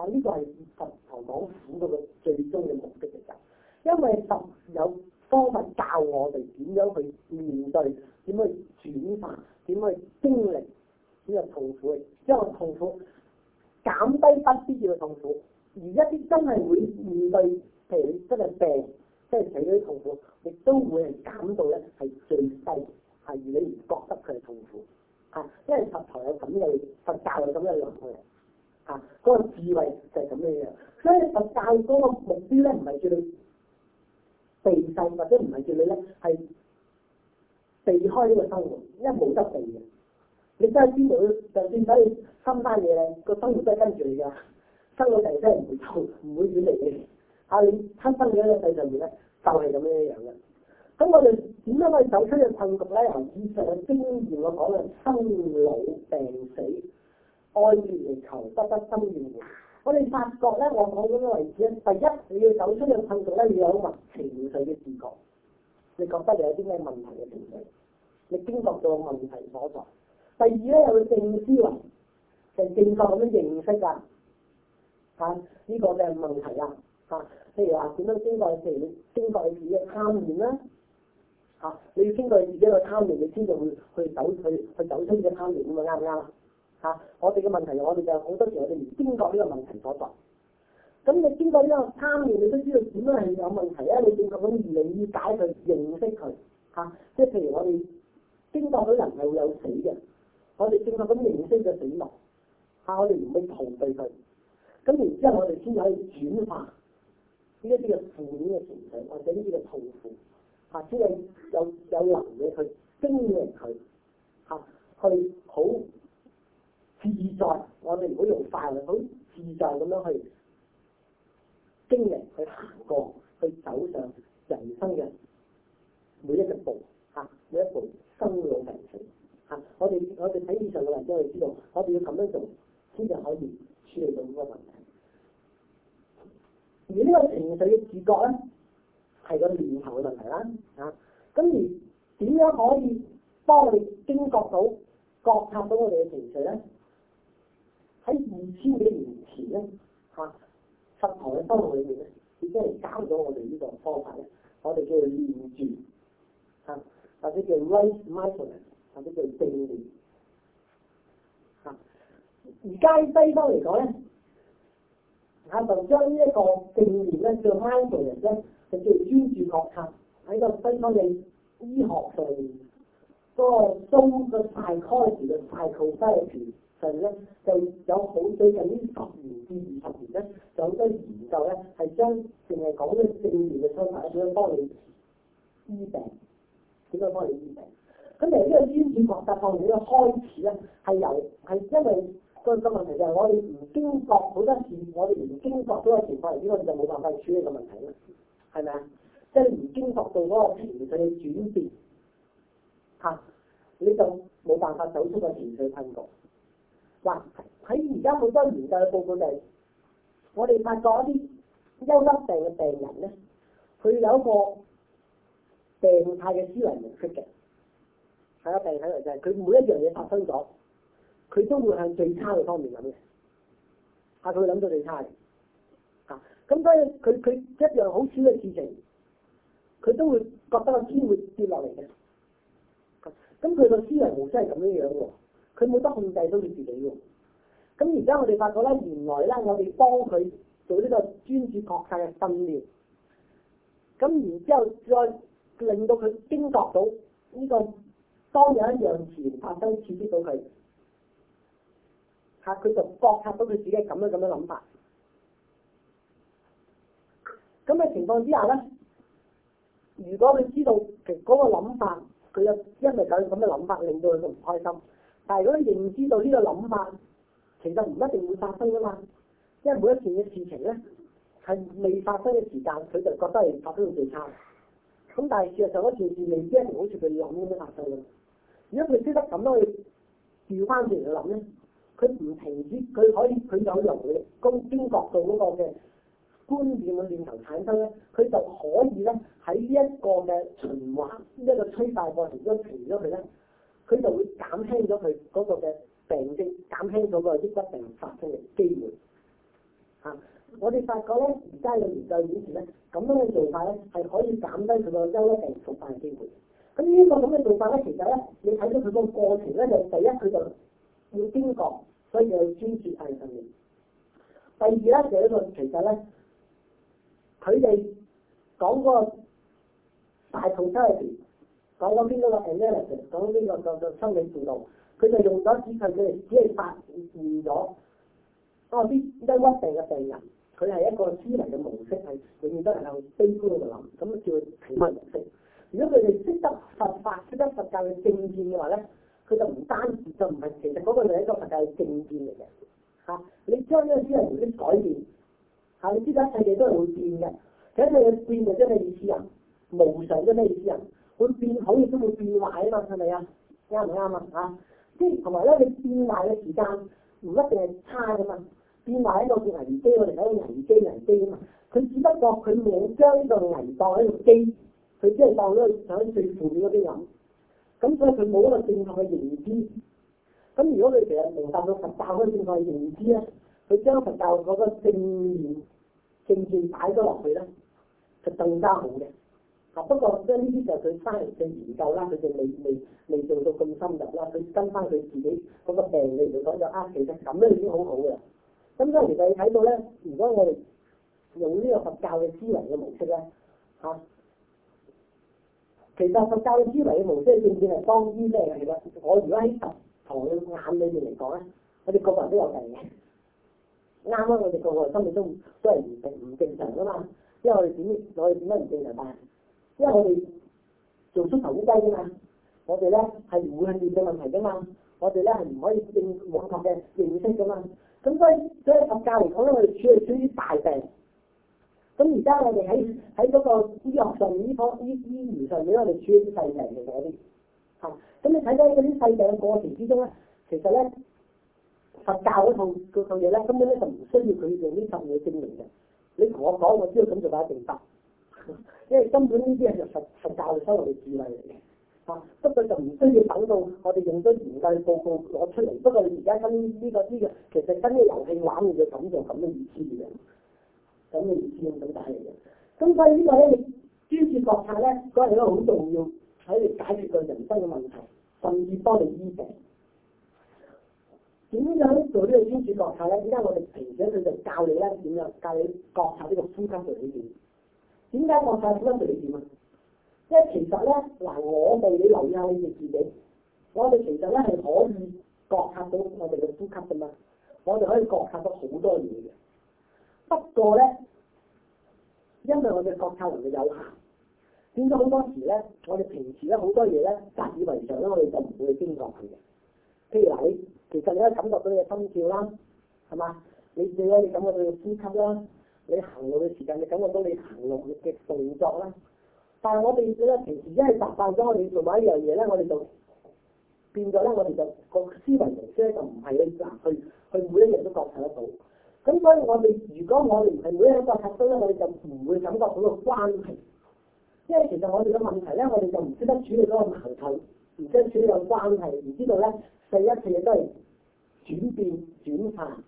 呢、啊，這個係佛陀講苦嗰個最終嘅目的嚟嘅，因為佛有方法教我哋點樣去面對，點去轉化，點去經歷呢、這個痛苦，因為痛苦減低不必要嘅痛苦，而一啲真係會面對譬如你真係病即係死嗰啲痛苦，亦都會係減到咧係最低，係你唔覺得佢係痛苦啊！因為佛陀有咁嘅佛教有樣，有咁嘅內容。啊！嗰個智慧就係咁嘅樣，所以佛教嗰個目標咧，唔係叫你避世，或者唔係叫你咧，係避開呢個生活，因為冇得避嘅。你真係知道，就算使你心翻嘢，個生活都係跟住你噶，生老病死唔會痛，唔會遠離嘅。啊！你出生喺呢個世上面咧，就係咁嘅樣嘅。咁我哋點解可以走出呢個困局咧？由以上嘅經驗我講啦，生老病死。愛而求不得心怨苦。我哋發覺咧，我講咁多例子，咧，第一你要走出嘅困局咧，要有個情緒嘅自覺，你覺得你有啲咩問題嘅情緒，你經歷過問題所在。第二咧，有個正思維，就正確咁樣認識噶，吓、這、呢個嘅問題啊，吓，譬如話點樣經過你自經過你自己嘅貪念啦，吓、啊、你要經過你自己嘅貪念，啊、你先至會去走去去走出嘅貪念，咁啊啱唔啱啊？嚇、啊！我哋嘅問題，我哋就好多時，我哋唔經過呢個問題所在。咁你經過呢個參悟，你都知道點樣係有問題啊！你正確咁理解佢、認識佢，嚇、啊，即係譬如我哋經過咗人係會有死嘅，我哋正確咁認識咗死亡，嚇、啊，我哋唔會逃避佢。咁、啊、然之後，我哋先至可以轉化呢一啲嘅負面嘅情緒，或者呢啲嘅痛苦，嚇、啊，先係有有能力去經營佢，嚇、啊，去好。自在，我哋唔好用快，好自在咁樣去經歷、去行過、去走上人生嘅每一步嚇，每一步生老病死。嚇。我哋我哋睇以上嘅例子，我哋知道，我哋要咁樣做先至可以處理到呢個問題。而呢個情緒嘅自覺咧，係個念頭嘅問題啦嚇。咁、啊、而點樣可以幫你驚覺到、覺察到我哋嘅情緒咧？喺二千幾年前咧，嚇、啊，佛陀嘅生活裡面咧，已經係搞咗我哋呢個方法咧，我哋叫佢練字，嚇、啊，或者叫 r a c e micro 人，或者叫正念，嚇、啊。而家西方嚟講咧，啊就將呢一個正念咧，叫 mindfulness 咧，就叫做專注覺察，喺個西方嘅醫學上面，嗰、那個中嘅大開時嘅大透析時。係咧？就有好最近呢十年至二十年咧，有好多研究咧係將淨係講啲正念嘅方法點樣幫你醫病，點樣幫你醫病。咁嚟呢個醫治覺察方面嘅開始咧，係由係因為個個問題就係我哋唔經覺好多次，多我哋唔經覺嗰個情況嚟，呢個就冇辦法去處理個問題啦。係咪啊？即係唔經覺到嗰個情緒轉變嚇、啊，你就冇辦法走出個情緒困局。嗱，喺而家好多研究嘅報告嚟，我哋發覺一啲憂鬱病嘅病人咧，佢有一個病態嘅思維模式嘅，係一個病態模式，佢每一樣嘢發生咗，佢都會向最差嘅方面諗嘅，係佢會諗到最差嘅。啊，咁所以佢佢一樣好小嘅事情，佢都會覺得個天會跌落嚟嘅，咁，佢個思維模式係咁樣樣佢冇得控制到佢自己嘅，咁而家我哋發覺咧，原來咧我哋幫佢做呢個專注國產嘅訓練，咁然後之後再令到佢驚覺到呢個，當有一樣事發生刺激到佢，嚇佢就覺察到佢自己咁樣咁樣諗法。咁嘅情況之下咧，如果佢知道其嗰個諗法，佢又因為有咁嘅諗法，令到佢唔開心。但係如果你認知道呢個諗法，其實唔一定會發生噶嘛，因為每一件嘅事情咧，係未發生嘅時間，佢就覺得係發生咗偏差。咁但係事實上，一件事，未必好似佢諗咁樣發生嘅。如果佢識得咁樣去調翻轉去諗咧，佢唔停止，佢可以佢有能力咁邊角到嗰個嘅觀點嘅念頭產生咧，佢就可以咧喺呢一個嘅循環，呢一個催化過程中停咗佢咧。佢就會減輕咗佢嗰個嘅病徵，減輕咗個抑鬱病發生嘅機會。嚇、啊！我哋發覺咧，而家嘅研究顯示咧，咁樣嘅做法咧係可以減低佢個抑鬱病復發嘅機會。咁、啊、呢、這個咁嘅做法咧，其實咧，你睇到佢個過程咧，就第一佢就要警覺，所以就專注喺上面。第二咧就呢個，其實咧，佢哋講個大同區。講到邊個 ysis, 到個？艾蜜莉講呢個個個心理治療，佢就用咗指紙，佢哋只係發現咗啊啲憂鬱病嘅病人，佢係一個思維嘅模式係永遠都係好悲觀嘅諗，咁叫佢睇乜模式？如果佢哋識得佛法、識得佛教嘅正見嘅話咧，佢就唔單止就唔係，其實嗰個係一個佛教嘅正見嚟嘅嚇。你將呢個思維模式改變嚇、啊，你知道一切嘢都係會變嘅，一切嘢變就真係意思呀無常，真咩意思呀。會變好亦都會變壞啊嘛，係咪啊？啱唔啱啊？啊！即係同埋咧，你變壞嘅時間唔一定係差噶嘛。變壞喺個叫危機，我哋講個危機，危機啊嘛。佢只不過佢冇將呢個危當喺個機，佢只係當咗想喺最負面嗰邊諗。咁所以佢冇一個正確嘅認知。咁如果你其實明白到佛教嗰個正確嘅認知咧，佢將佛教嗰個正面、正面擺咗落去咧，就更加好嘅。嚇！不過即係呢啲就佢翻嚟嘅研究啦，佢仲未未未做到咁深入啦。佢跟翻佢自己嗰個病理嚟講就啊，其實咁樣已經好好嘅喇。咁所以其實你睇到咧，如果我哋用呢個佛教嘅思維嘅模式咧，嚇，其實佛教嘅思維嘅模式正正係當知，即係其實我如果喺佛嘅眼裏面嚟講咧，我哋個個人都有病嘅。啱啊！我哋個個心裏都都係唔正唔正常噶嘛，因為我哋點乜，我哋點解唔正常啊？因為我哋做出頭烏雞啫嘛，我哋咧係唔會係面對問題啫嘛，我哋咧係唔可以正往頭嘅認識啫嘛。咁所以所以佛教嚟講咧，我哋處理處理大病。咁而家我哋喺喺嗰個醫學上面、醫科、醫醫療上面我，我哋處理啲細病嚟嗰啲。嚇，咁你睇到嗰啲細病嘅過程之中咧，其實咧佛教嗰套套嘢咧根本咧就唔需要佢用呢套嘢證明嘅。你同我講，我知道咁就擺正法。因為根本呢啲嘢就實實教生活嘅智慧嚟嘅，吓，所以就唔需要等到我哋用咗研究報告攞出嚟。不過你而家跟呢個呢個，其實跟啲遊戲玩你嘅感受咁嘅意思嘅，咁嘅意思咁解嚟嘅。咁、嗯、所以個呢個咧，你專注觀察咧，嗰係一個好重要喺你解決個人生嘅問題，甚至幫你醫病。點樣做個呢個專注觀察咧？而家我哋嚟佢就教你咧點樣教你觀察呢個初心嘅理念。點解覺察到得最掂啊？即係其實咧，嗱我哋你留意下你哋自己，我哋其實咧係可以覺察到我哋嘅呼吸噶嘛，我哋可以覺察到好多嘢嘅。不過咧，因為我哋覺察能力有限，點解好多時咧，我哋平時咧好多嘢咧，習以為常咧，我哋就唔會去經過佢嘅。譬如嗱，你其實你可以感覺到你嘅心跳啦，係嘛？你你可以感覺到你嘅呼吸啦。你行路嘅時間，你感覺到你行路嘅動作啦。但係我哋咧，平時一係習慣咗，我哋做埋一樣嘢咧，我哋就變咗咧，我哋就個思維模式咧就唔係咧，去去每一樣都覺察得到。咁所以我哋如果我哋唔係每一個核心咧，我哋就唔會感覺到個關係。因為其實我哋嘅問題咧，我哋就唔識得處理嗰個矛盾，唔識得處理個關係，唔知道咧，世一切嘢都係轉變轉化，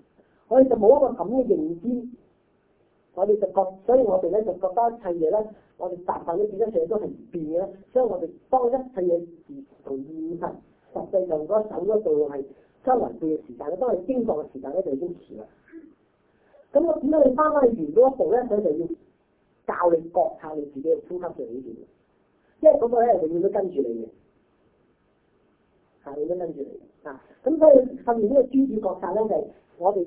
我哋就冇一個咁嘅認知。我哋就覺，所以我哋咧就覺得一切嘢咧，我哋習慣都變咗，一切都係變嘅咧。所以我哋當一切嘢同現實實際上嗰個手嗰度係周圍變嘅時間，當佢經過嘅時間咧就已經遲啦。咁我點解你翻返去完嗰一步咧？佢就要教你覺察你自己嘅呼吸上面點，因為嗰個咧永遠都跟住你嘅，係永遠都跟住你嘅。嚇、啊！咁所以後面呢個專注覺察咧，就係、是、我哋。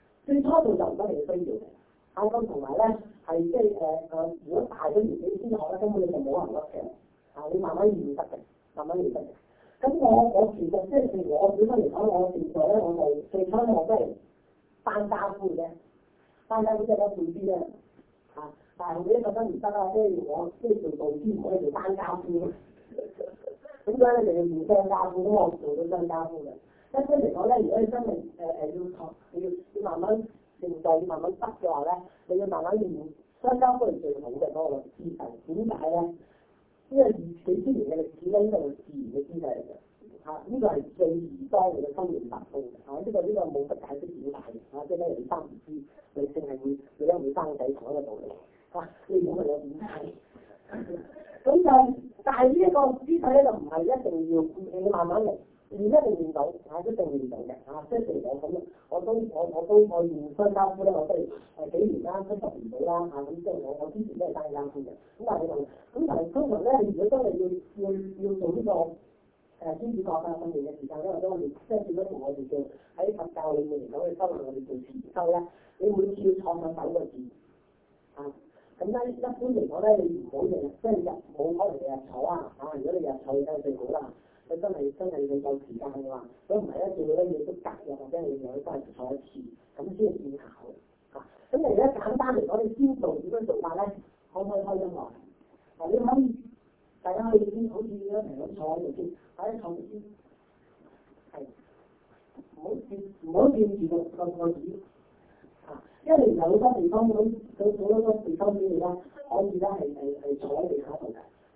最初做就唔得你嘅需要，啊，咁同埋咧係即係誒誒，如果大咗年紀之後咧，根本就冇人得嘅，啊你慢慢練得嘅，慢慢練得嘅。咁我我其實即係我本身嚟講，我現在咧我冇，最初我真係單幹戶嘅，單幹戶即係得半師啊，但係我依家覺得唔得啊，即係我即係做導師唔可以做單幹戶嘅，點解咧？原來單幹戶我做到單幹戶嘅。一般嚟講咧，如果你生命誒要要慢慢練就，要慢慢得嘅話咧，你要慢慢練，相交可能最好嘅嗰個姿勢。點解咧？因為佢之前嘅歷史因素，自然嘅姿勢嚟嘅。嚇，呢個係最宜當你嘅心靈達到嘅。嚇，呢個呢個冇乜解釋點解嘅。嚇，即係咧，你生唔知，你淨係會你咧會生個仔坐喺度嚟。嚇，呢個係兩派。咁就但係呢一個姿勢咧，就唔係一定要你慢慢嚟。你一定唔到，啊都仲唔到嘅，啊即係仲有咁，我都我我都可以換新家夫我都要誒幾年啦，都十年到啦嚇，咁，即係我我之前都係單家夫嘅，咁但係咁但係通常咧，你如果真係要要要做呢個誒珠子創作訓練嘅時間咧，或者我哋即係點都同我哋嘅喺佛教裏面嗰啲修行，我哋做持修咧，你每次要創上九個字啊，咁一一般嚟講咧，你唔好成日即係日冇可能日日唞啊，啊如果你日日坐，你真係最好啦。佢真係真係要夠時間嘅話，如果唔係咧，仲要咧要複習，又或者要又去多人坐一次，咁先至有效果。嚇、啊，咁而家簡單嚟講，我哋先做點樣做法咧？可唔可以開音樂？嗱、啊，你可以，大家可以好似咁嚟咁坐喺度先，擺啲創意，係、哎，唔好掂唔好掂住個個個椅，嚇、啊，因為有好多地方嗰嗰嗰嗰地方啲而家，我而家係係係坐喺地下度嘅。啊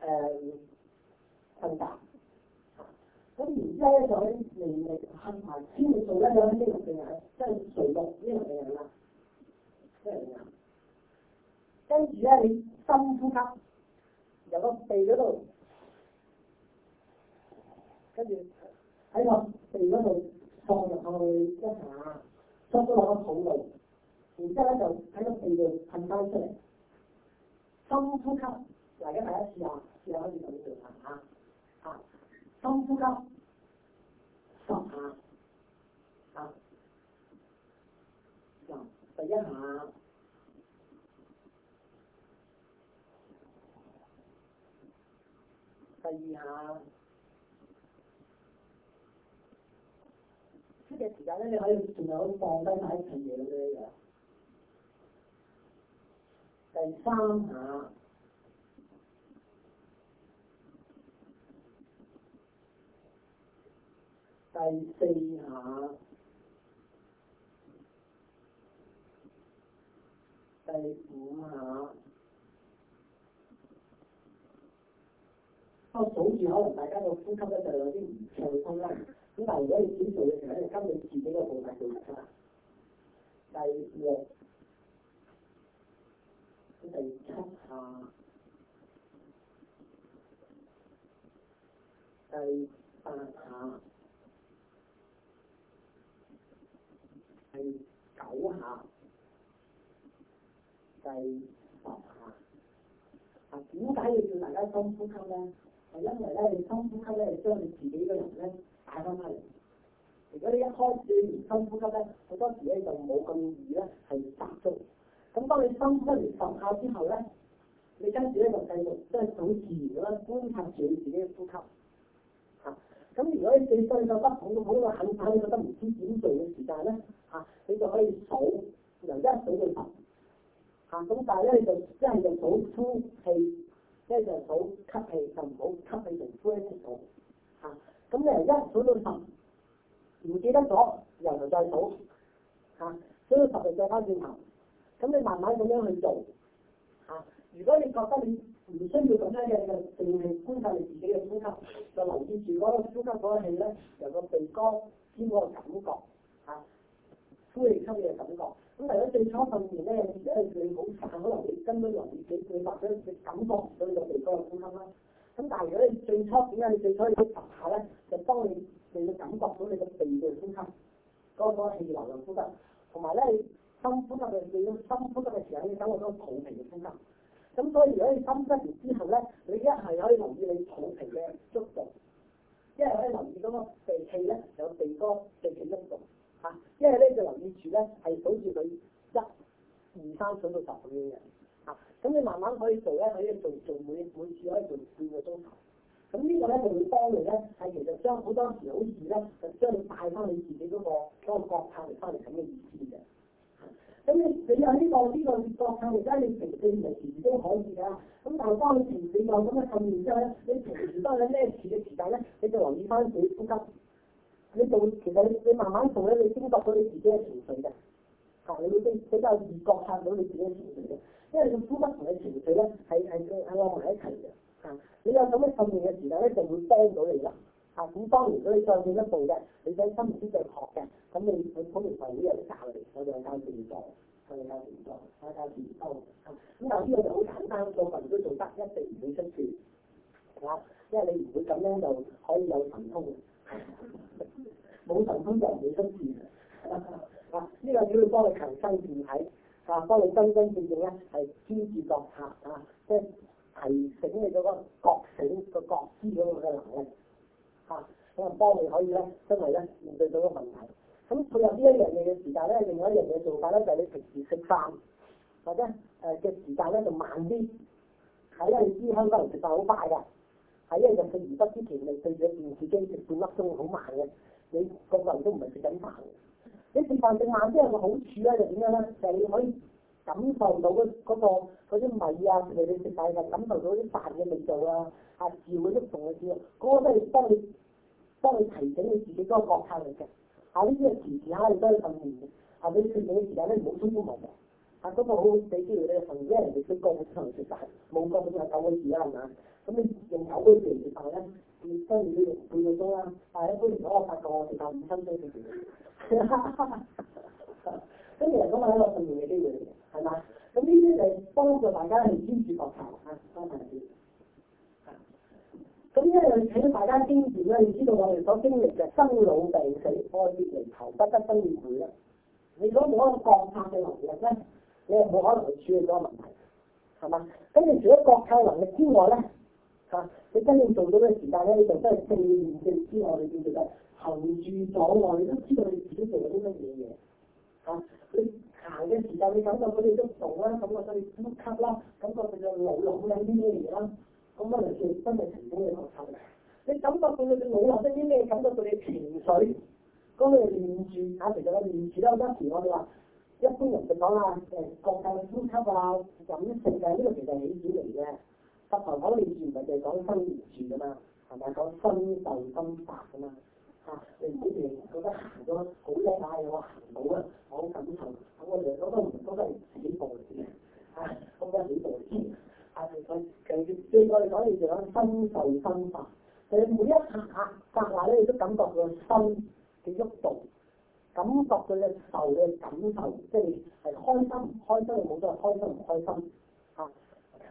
誒困架，咁、um, 然之後咧就喺鼻嚟吸下，先嚟做一兩呢樣嘢，即係垂落呢樣嘢啦，呢樣嘢，跟住咧你深呼吸，由個鼻嗰度，跟住喺個鼻嗰度放入去一下，吸咗落個肚度，然之後咧就喺個鼻度噴返出嚟，深呼吸。大家第一次啊，你可以咁做下嚇，啊，深呼吸十下啊啊，啊，第一下，第二下，出嘅時間咧，你可以仲有放低睇其他嘢嘅，第三下。第四下，第五下，咁啊數住，可能大家個呼吸咧就有啲唔暢通啦。咁但係如果你點做嘅，其實係跟你自己個步伐做啦。第六，第七下，第八下。啊，點解要叫大家深呼吸咧？係因為咧，你深呼吸咧，你將你自己個人咧，帶返返嚟。如果你一開始唔深呼吸咧，好多時咧就冇咁易咧係集中。咁、啊、當你深呼吸十下之後咧，你跟住咧就繼續即係好自然嘅啦，觀察住你自己嘅呼吸。嚇、啊！咁如果你最衰個不恆好喺個恆生覺得唔知點做嘅時間咧，嚇、啊，你就可以數由一數到十。嚇，咁但係咧你就一係就數呼氣，一係就數吸氣，就唔好吸氣同呼一齊做。嚇，咁你由一數到十，唔記得咗又嚟再數。嚇，數到十嚟再翻轉頭，咁你慢慢咁樣去做。嚇，如果你覺得你唔需要咁樣嘅嘅，就觀察你自己嘅呼吸，就留意住嗰個呼吸嗰個氣咧，由個鼻哥兼個感覺，嚇，呼氣吸嘅感覺。咁如果最初訓練咧，即係你好散，可能你根本連自己你發嗰你，你，你感覺唔到你個鼻哥嘅呼吸啦。咁但係如果你最初點解你最初要發下咧，就當你你要感覺到你鼻，嗰個鼻嘅呼吸，嗰個氣流又呼吸，同埋咧你深呼吸嘅，你要深呼吸嘅時候你感覺到肚皮嘅呼吸。咁所以如果你深呼吸完之後咧，你一係可以留意你肚皮嘅縮動，一係可以留意嗰個鼻氣咧有鼻哥嘅幾多度。嚇，因為呢個留意住咧係保住佢一、二三、三數到十咁、啊、樣嘅，嚇，咁你慢慢可以做咧，可以做做每每次可以做半個鐘頭，咁呢個咧就會幫你咧係其實將好多時好事咧，就將你帶翻你自己嗰、啊這個嗰、這個覺察嚟翻嚟咁嘅意思嘅。咁你你有呢個呢個覺察，而家你平時唔停都可以㗎、啊，咁但係當你停住咁樣訓練之後咧，你平時當你咩事嘅時間咧，你就留意翻自己呼吸，你做，其實你你慢慢做咧，你先覺到你自己嘅情緒嘅，你要比比較易覺察到你自己嘅情緒嘅，因為個呼吸同你情緒咧係係係埋一齊嘅，你有咁嘅訓練嘅時間一定會幫到你啦，啊，咁當然，如果你再進一步嘅，你想心無所求嘅，咁你你普門佛會有啲教你，有兩間殿堂，有兩間殿我兩間殿堂，咁、啊、但係呢個就好簡單，做佛亦都做得一定唔會出事，嚇，因為你唔會咁咧就可以有神通冇神功就唔起身事啊！呢、這個主要你幫你強身健體，啊，幫你真真正正咧係專注覺察啊，即係提醒你嗰個覺醒，那個覺知咁個能力，吓、啊、咁啊，幫你可以咧真係咧面對到個問題。咁、啊、配合呢一樣嘢嘅時間咧，另外一樣嘢做法咧就係你平時食飯或者誒嘅、呃、時間咧就慢啲，睇咧，你知香港人食飯好快噶？係因為一日瞓完得之前，你對住部電視機食半粒鐘好慢嘅，你個胃都唔係食緊飯嘅。你食飯食慢啲有冇好處啊？就點樣咧？就係你可以感受到嗰個嗰啲米啊，譬如你食米就感受到啲飯嘅味道啊，啊嚼嗰啲同啊嚼，嗰個都係幫你幫你提醒你自己嗰個覺態嚟嘅。啊呢啲係時時刻刻都要訓練嘅。啊你決定你而家咧冇充咗胃嘅，啊咁我好好俾機會你去訓練，人食得幹，一人食飯冇個冇廿九個字啦，係咪？咁你用久都自然嘅，但係咧，你雖然要半個鐘啦，但係一般如果我發覺我哋夠五分鐘嘅時間。咁其實咁係一個訓練嘅機會嚟嘅，係嘛？咁呢啲就幫助大家去堅持學習多睇啲。咁、啊、呢，樣使、啊、大家堅持咧，要知道我哋所經歷嘅生老病死、愛別離、求不得、生與死啦。你如果冇一個抗壓嘅能力咧，你係冇可能去處理咗個問題，係嘛？咁你除咗抗壓能力之外咧，嚇！你真正做到咩時間咧？就真係四年嘅之外，你叫做就行住坐卧，你都知道你自己做咗啲乜嘢嘢。嚇！你行嘅時候，你感覺到你都做啦，感覺到你呼吸啦，感覺到你嘅腦諗緊啲咩嘢啦，咁啊嚟算真係成功嘅學習嘅。你感覺到你嘅腦諗得啲咩？感覺到你情緒，嗰個練字啊，其實練字都唔得，字我哋話一般人都講啦，誒，國泰呼吸啊，飲食啊，呢個其實係主嚟嘅。佛堂講嘅，以前唔係就係講身念住噶嘛，係咪講身受心法噶嘛？嚇，你以前覺得行咗好叻啊，我行到咧好感受，咁我哋講都唔都得自己做嚟嘅，啊，都得自己做嚟嘅，啊，其實其實最再講嘢就係講身受心法，你每一下格話咧，你都感覺個身嘅喐動，感覺佢嘅受嘅感受，即係係開心，開心好多，開心唔開心。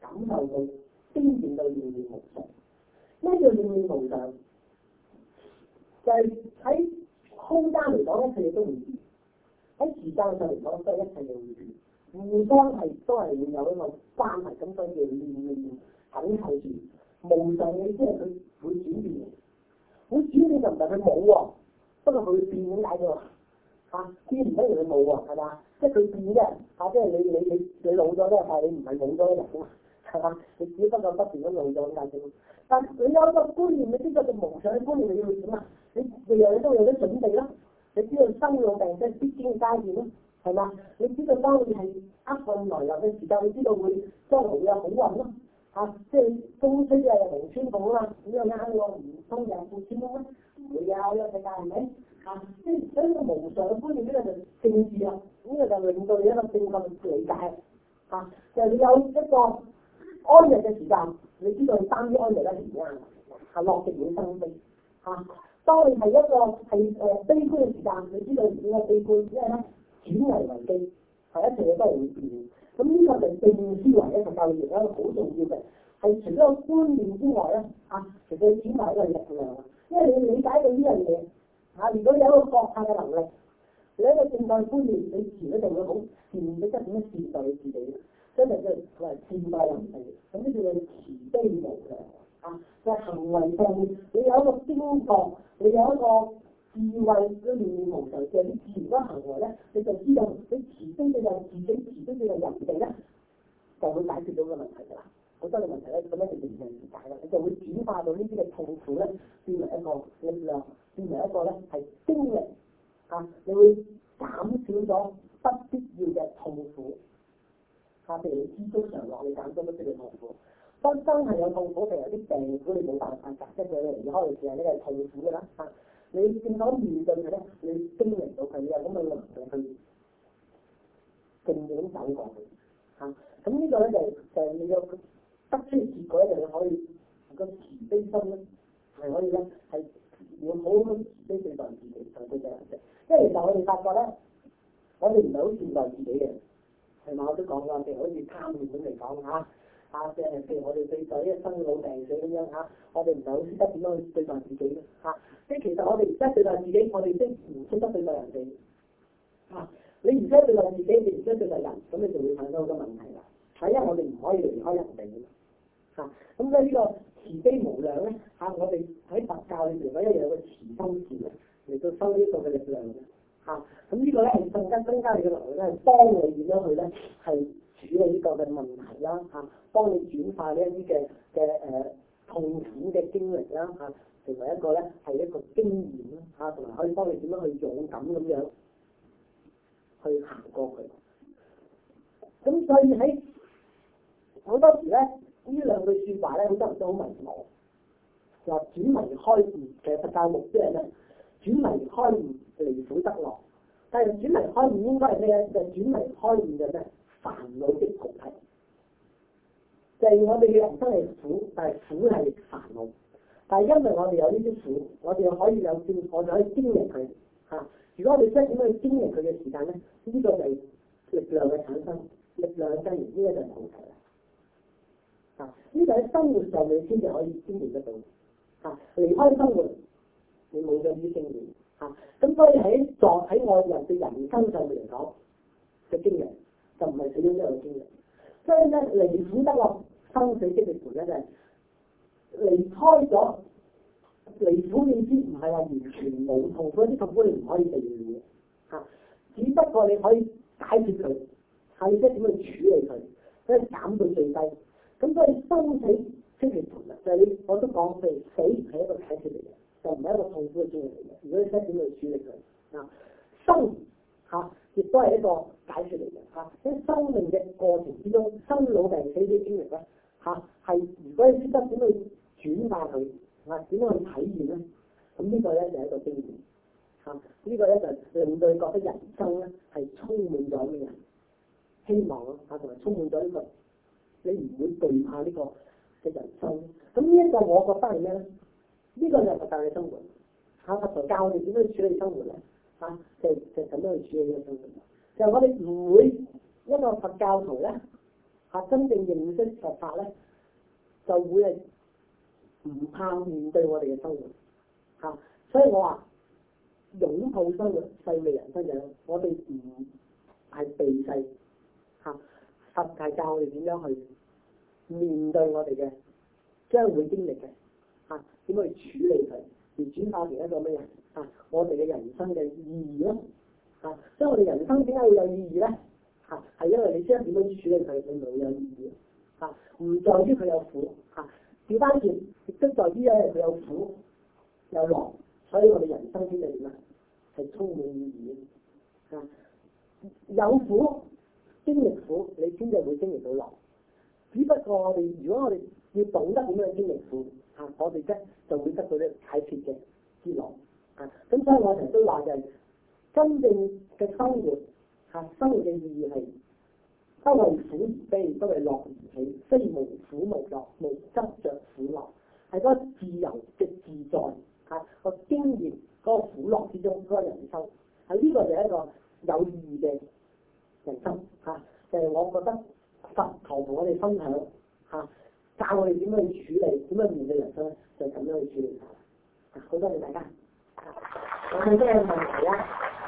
感受到，經驗到念念無常，咩叫念念無常就係、是、喺空間嚟講咧，佢哋都唔同；喺時間上嚟講，都係一切嘅變化係都係會有呢個關係。咁所以念念。肯感住，無常嘅意思係佢會轉變，會轉變就唔係佢冇喎，不過佢會變點解嘅？吓，之前都唔係冇喎，係嘛？即係佢變啫，吓、啊，即係你你你你老咗咧，但係你唔係冇咗人啊。係嘛？你只不過不斷咁累咗啲嘢啫。但你有個觀念，你知道個無常嘅觀念你要點啊？你你又你都有啲準備啦。你知道生老病死必經階段啦，係嘛？你知道當你係厄咁耐，有啲時間你知道會將來會有好運啦。嚇，即係公司啊，有紅錢寶啦，有啱個員工有富千屋啦，會啊，呢個世界係咪？嚇，即係而家個無常嘅觀念呢個就正義啦，呢個就令到你一個正確嘅理解。嚇，就你有一個。安逸嘅時間，你知道你貪於安逸啦，而家係落力要翻身嚇、啊。當你係一個係誒、呃、悲觀嘅時間，你知道點解悲觀，因為咧轉為危機係一切都係會變嘅。咁呢個就正思維咧，就教會大家一個好重要嘅，係除咗觀念之外咧嚇，其實點樣轉為一個力量，因為你要理解到呢樣嘢嚇。如果你有一個覺察嘅能力，有一個正確嘅觀念，你自己定會好自然地識點樣塑造你自己。跟住佢嚟善待人哋，咁呢啲叫慈悲無量啊！就行為上面，你有一個自覺，你有一個智慧嘅念頭，就自然個行為咧，你就知道你慈悲，你就自己慈悲，你就人哋咧、啊，就會解決到個問題噶啦。好多嘅問題咧，咁咧係越嚟越大噶，你就會轉化到呢啲嘅痛苦咧，變為一個力量，變為一個咧係精力啊！你會減少咗不必要嘅痛苦。譬、啊、如你知足常樂，你減災都識你痛苦，當真真係有痛苦，定係啲病苦你冇辦法解釋佢。咧而開嘅時候咧係痛苦嘅啦嚇。你點到面對嘅咧？你經歷到佢嘅，咁咪用佢，靜靜走過佢嚇。咁、啊嗯這個、呢個咧就就你要得啲結果咧，就你可以個慈、啊、悲心咧係可以咧，係唔好咁慈悲對待自己同佢哋嘅人嘅。因為其實我哋發覺咧，我哋唔係好善待自己嘅。我都講㗎，我哋好似貪咁嚟講嚇，哈聲啊，譬如我哋四仔一生老病死咁樣嚇，我哋唔係好識得點樣去對待自己咯。即係其實我哋即係對待自己，我哋即係唔識得對待人哋。嚇、啊，你唔識對待自己，你唔識對待人，咁你就會產生好多問題㗎。係啊，我哋唔可以離開人哋㗎。嚇、啊，咁所以呢個慈悲無量咧嚇、啊，我哋喺佛教裏邊嗰一樣嘅慈心思想，嚟到收呢個嘅力量。啊，咁，這個、呢個咧係中間增加你嘅能力，咧，係幫你點樣去咧係處理呢個嘅問題啦，嚇、啊，幫你轉化呢一啲嘅嘅誒痛苦嘅經歷啦，嚇、啊，成為一個咧係一個經驗啦，嚇、啊，同埋可以幫你點樣去勇敢咁樣去行過去。咁所以喺好多時咧，兩說呢兩句說話咧，好多人都好迷茫。話、啊，轉迷開悟嘅佛教目的咧，轉迷開悟。離苦得樂，但係轉迷開悟應該係咩？就轉迷開悟嘅咩？煩惱的菩提。就係我哋嘅人生係苦，但係苦係煩惱，但係因為我哋有呢啲苦，我哋可以有經，我哋可以經營佢。吓，如果我哋真係可以經營佢嘅時間咧，呢、呢個就係力量嘅產生，力量嘅生源，呢個就冇好題。呢個喺生活上面先至可以經營得到。吓，離開生活，你冇咗呢啲經驗。啊，咁所以喺作喺我人嘅人生上面嚟講嘅經驗就唔係只有一樣經驗，所以咧，離苦得樂，生死即涅槃咧，就係、是、離開咗離苦你知唔係話完全冇痛苦，啲痛苦你唔可以避免嘅，嚇、啊，只不過你可以解決佢係即點去處理佢，即減到最低，咁、啊、所以生死即涅槃啊就係、是、你我都講，譬如死唔係一個解決嚟嘅。唔係一個痛苦嘅經歷嚟嘅，如果你識點去處理佢啊，生嚇亦都係一個解脫嚟嘅嚇。喺、啊、生命嘅過程之中，生老病死啲經歷咧嚇，係、啊、如果你識得點去轉化佢啊，點樣去體驗咧，咁、啊、呢、這個咧就係一個經驗嚇。呢、啊這個咧就令到你覺得人生咧係充滿咗嘅啊，希望啊，同埋充滿咗呢個，你唔會害怕呢個嘅人生。咁呢一個我覺得係咩咧？呢個就係佛教嘅生活，嚇！佛教徒教我哋點樣處理生活呢啊？就就咁樣去處理嘅生活，就我哋唔會一個佛教徒咧嚇、啊，真正認識佛法咧，就會係唔怕面對我哋嘅生活嚇、啊。所以我話擁抱生活、細味人生嘅，我哋唔係避世嚇，佛教教我哋點樣去面對我哋嘅將會經歷嘅。啊！點去處理佢，而轉化成一個咩嘢？啊！我哋嘅人生嘅意義咯、啊，啊！即係我哋人生點解會有意義咧？嚇、啊、係因為你知點樣處理佢，佢冇有意義、啊。嚇、啊、唔在於佢有苦。嚇小關鍵亦都在於佢有苦有樂，所以我哋人生先至點啊？係充滿意義嘅、啊啊。有苦經歷苦，你先至會經歷到樂。只不過我哋如果我哋要懂得點樣經歷苦。啊！我哋咧就會得到呢啲解脫嘅之樂啊！咁所以我哋都話就係真正嘅生活嚇、啊，生活嘅意義係不為苦而悲，不為樂而喜，非無苦無樂，無執着苦樂，係嗰個自由嘅自在嚇個、啊、經驗嗰、那個苦樂之中嗰、那個人生，係、啊、呢、這個就係一個有意義嘅人生嚇、啊。就是、我覺得佛求同我哋分享嚇。啊教我哋點樣去處理，點樣面對人生，就咁樣去處理。好， 多謝大家。有冇咩問題啊？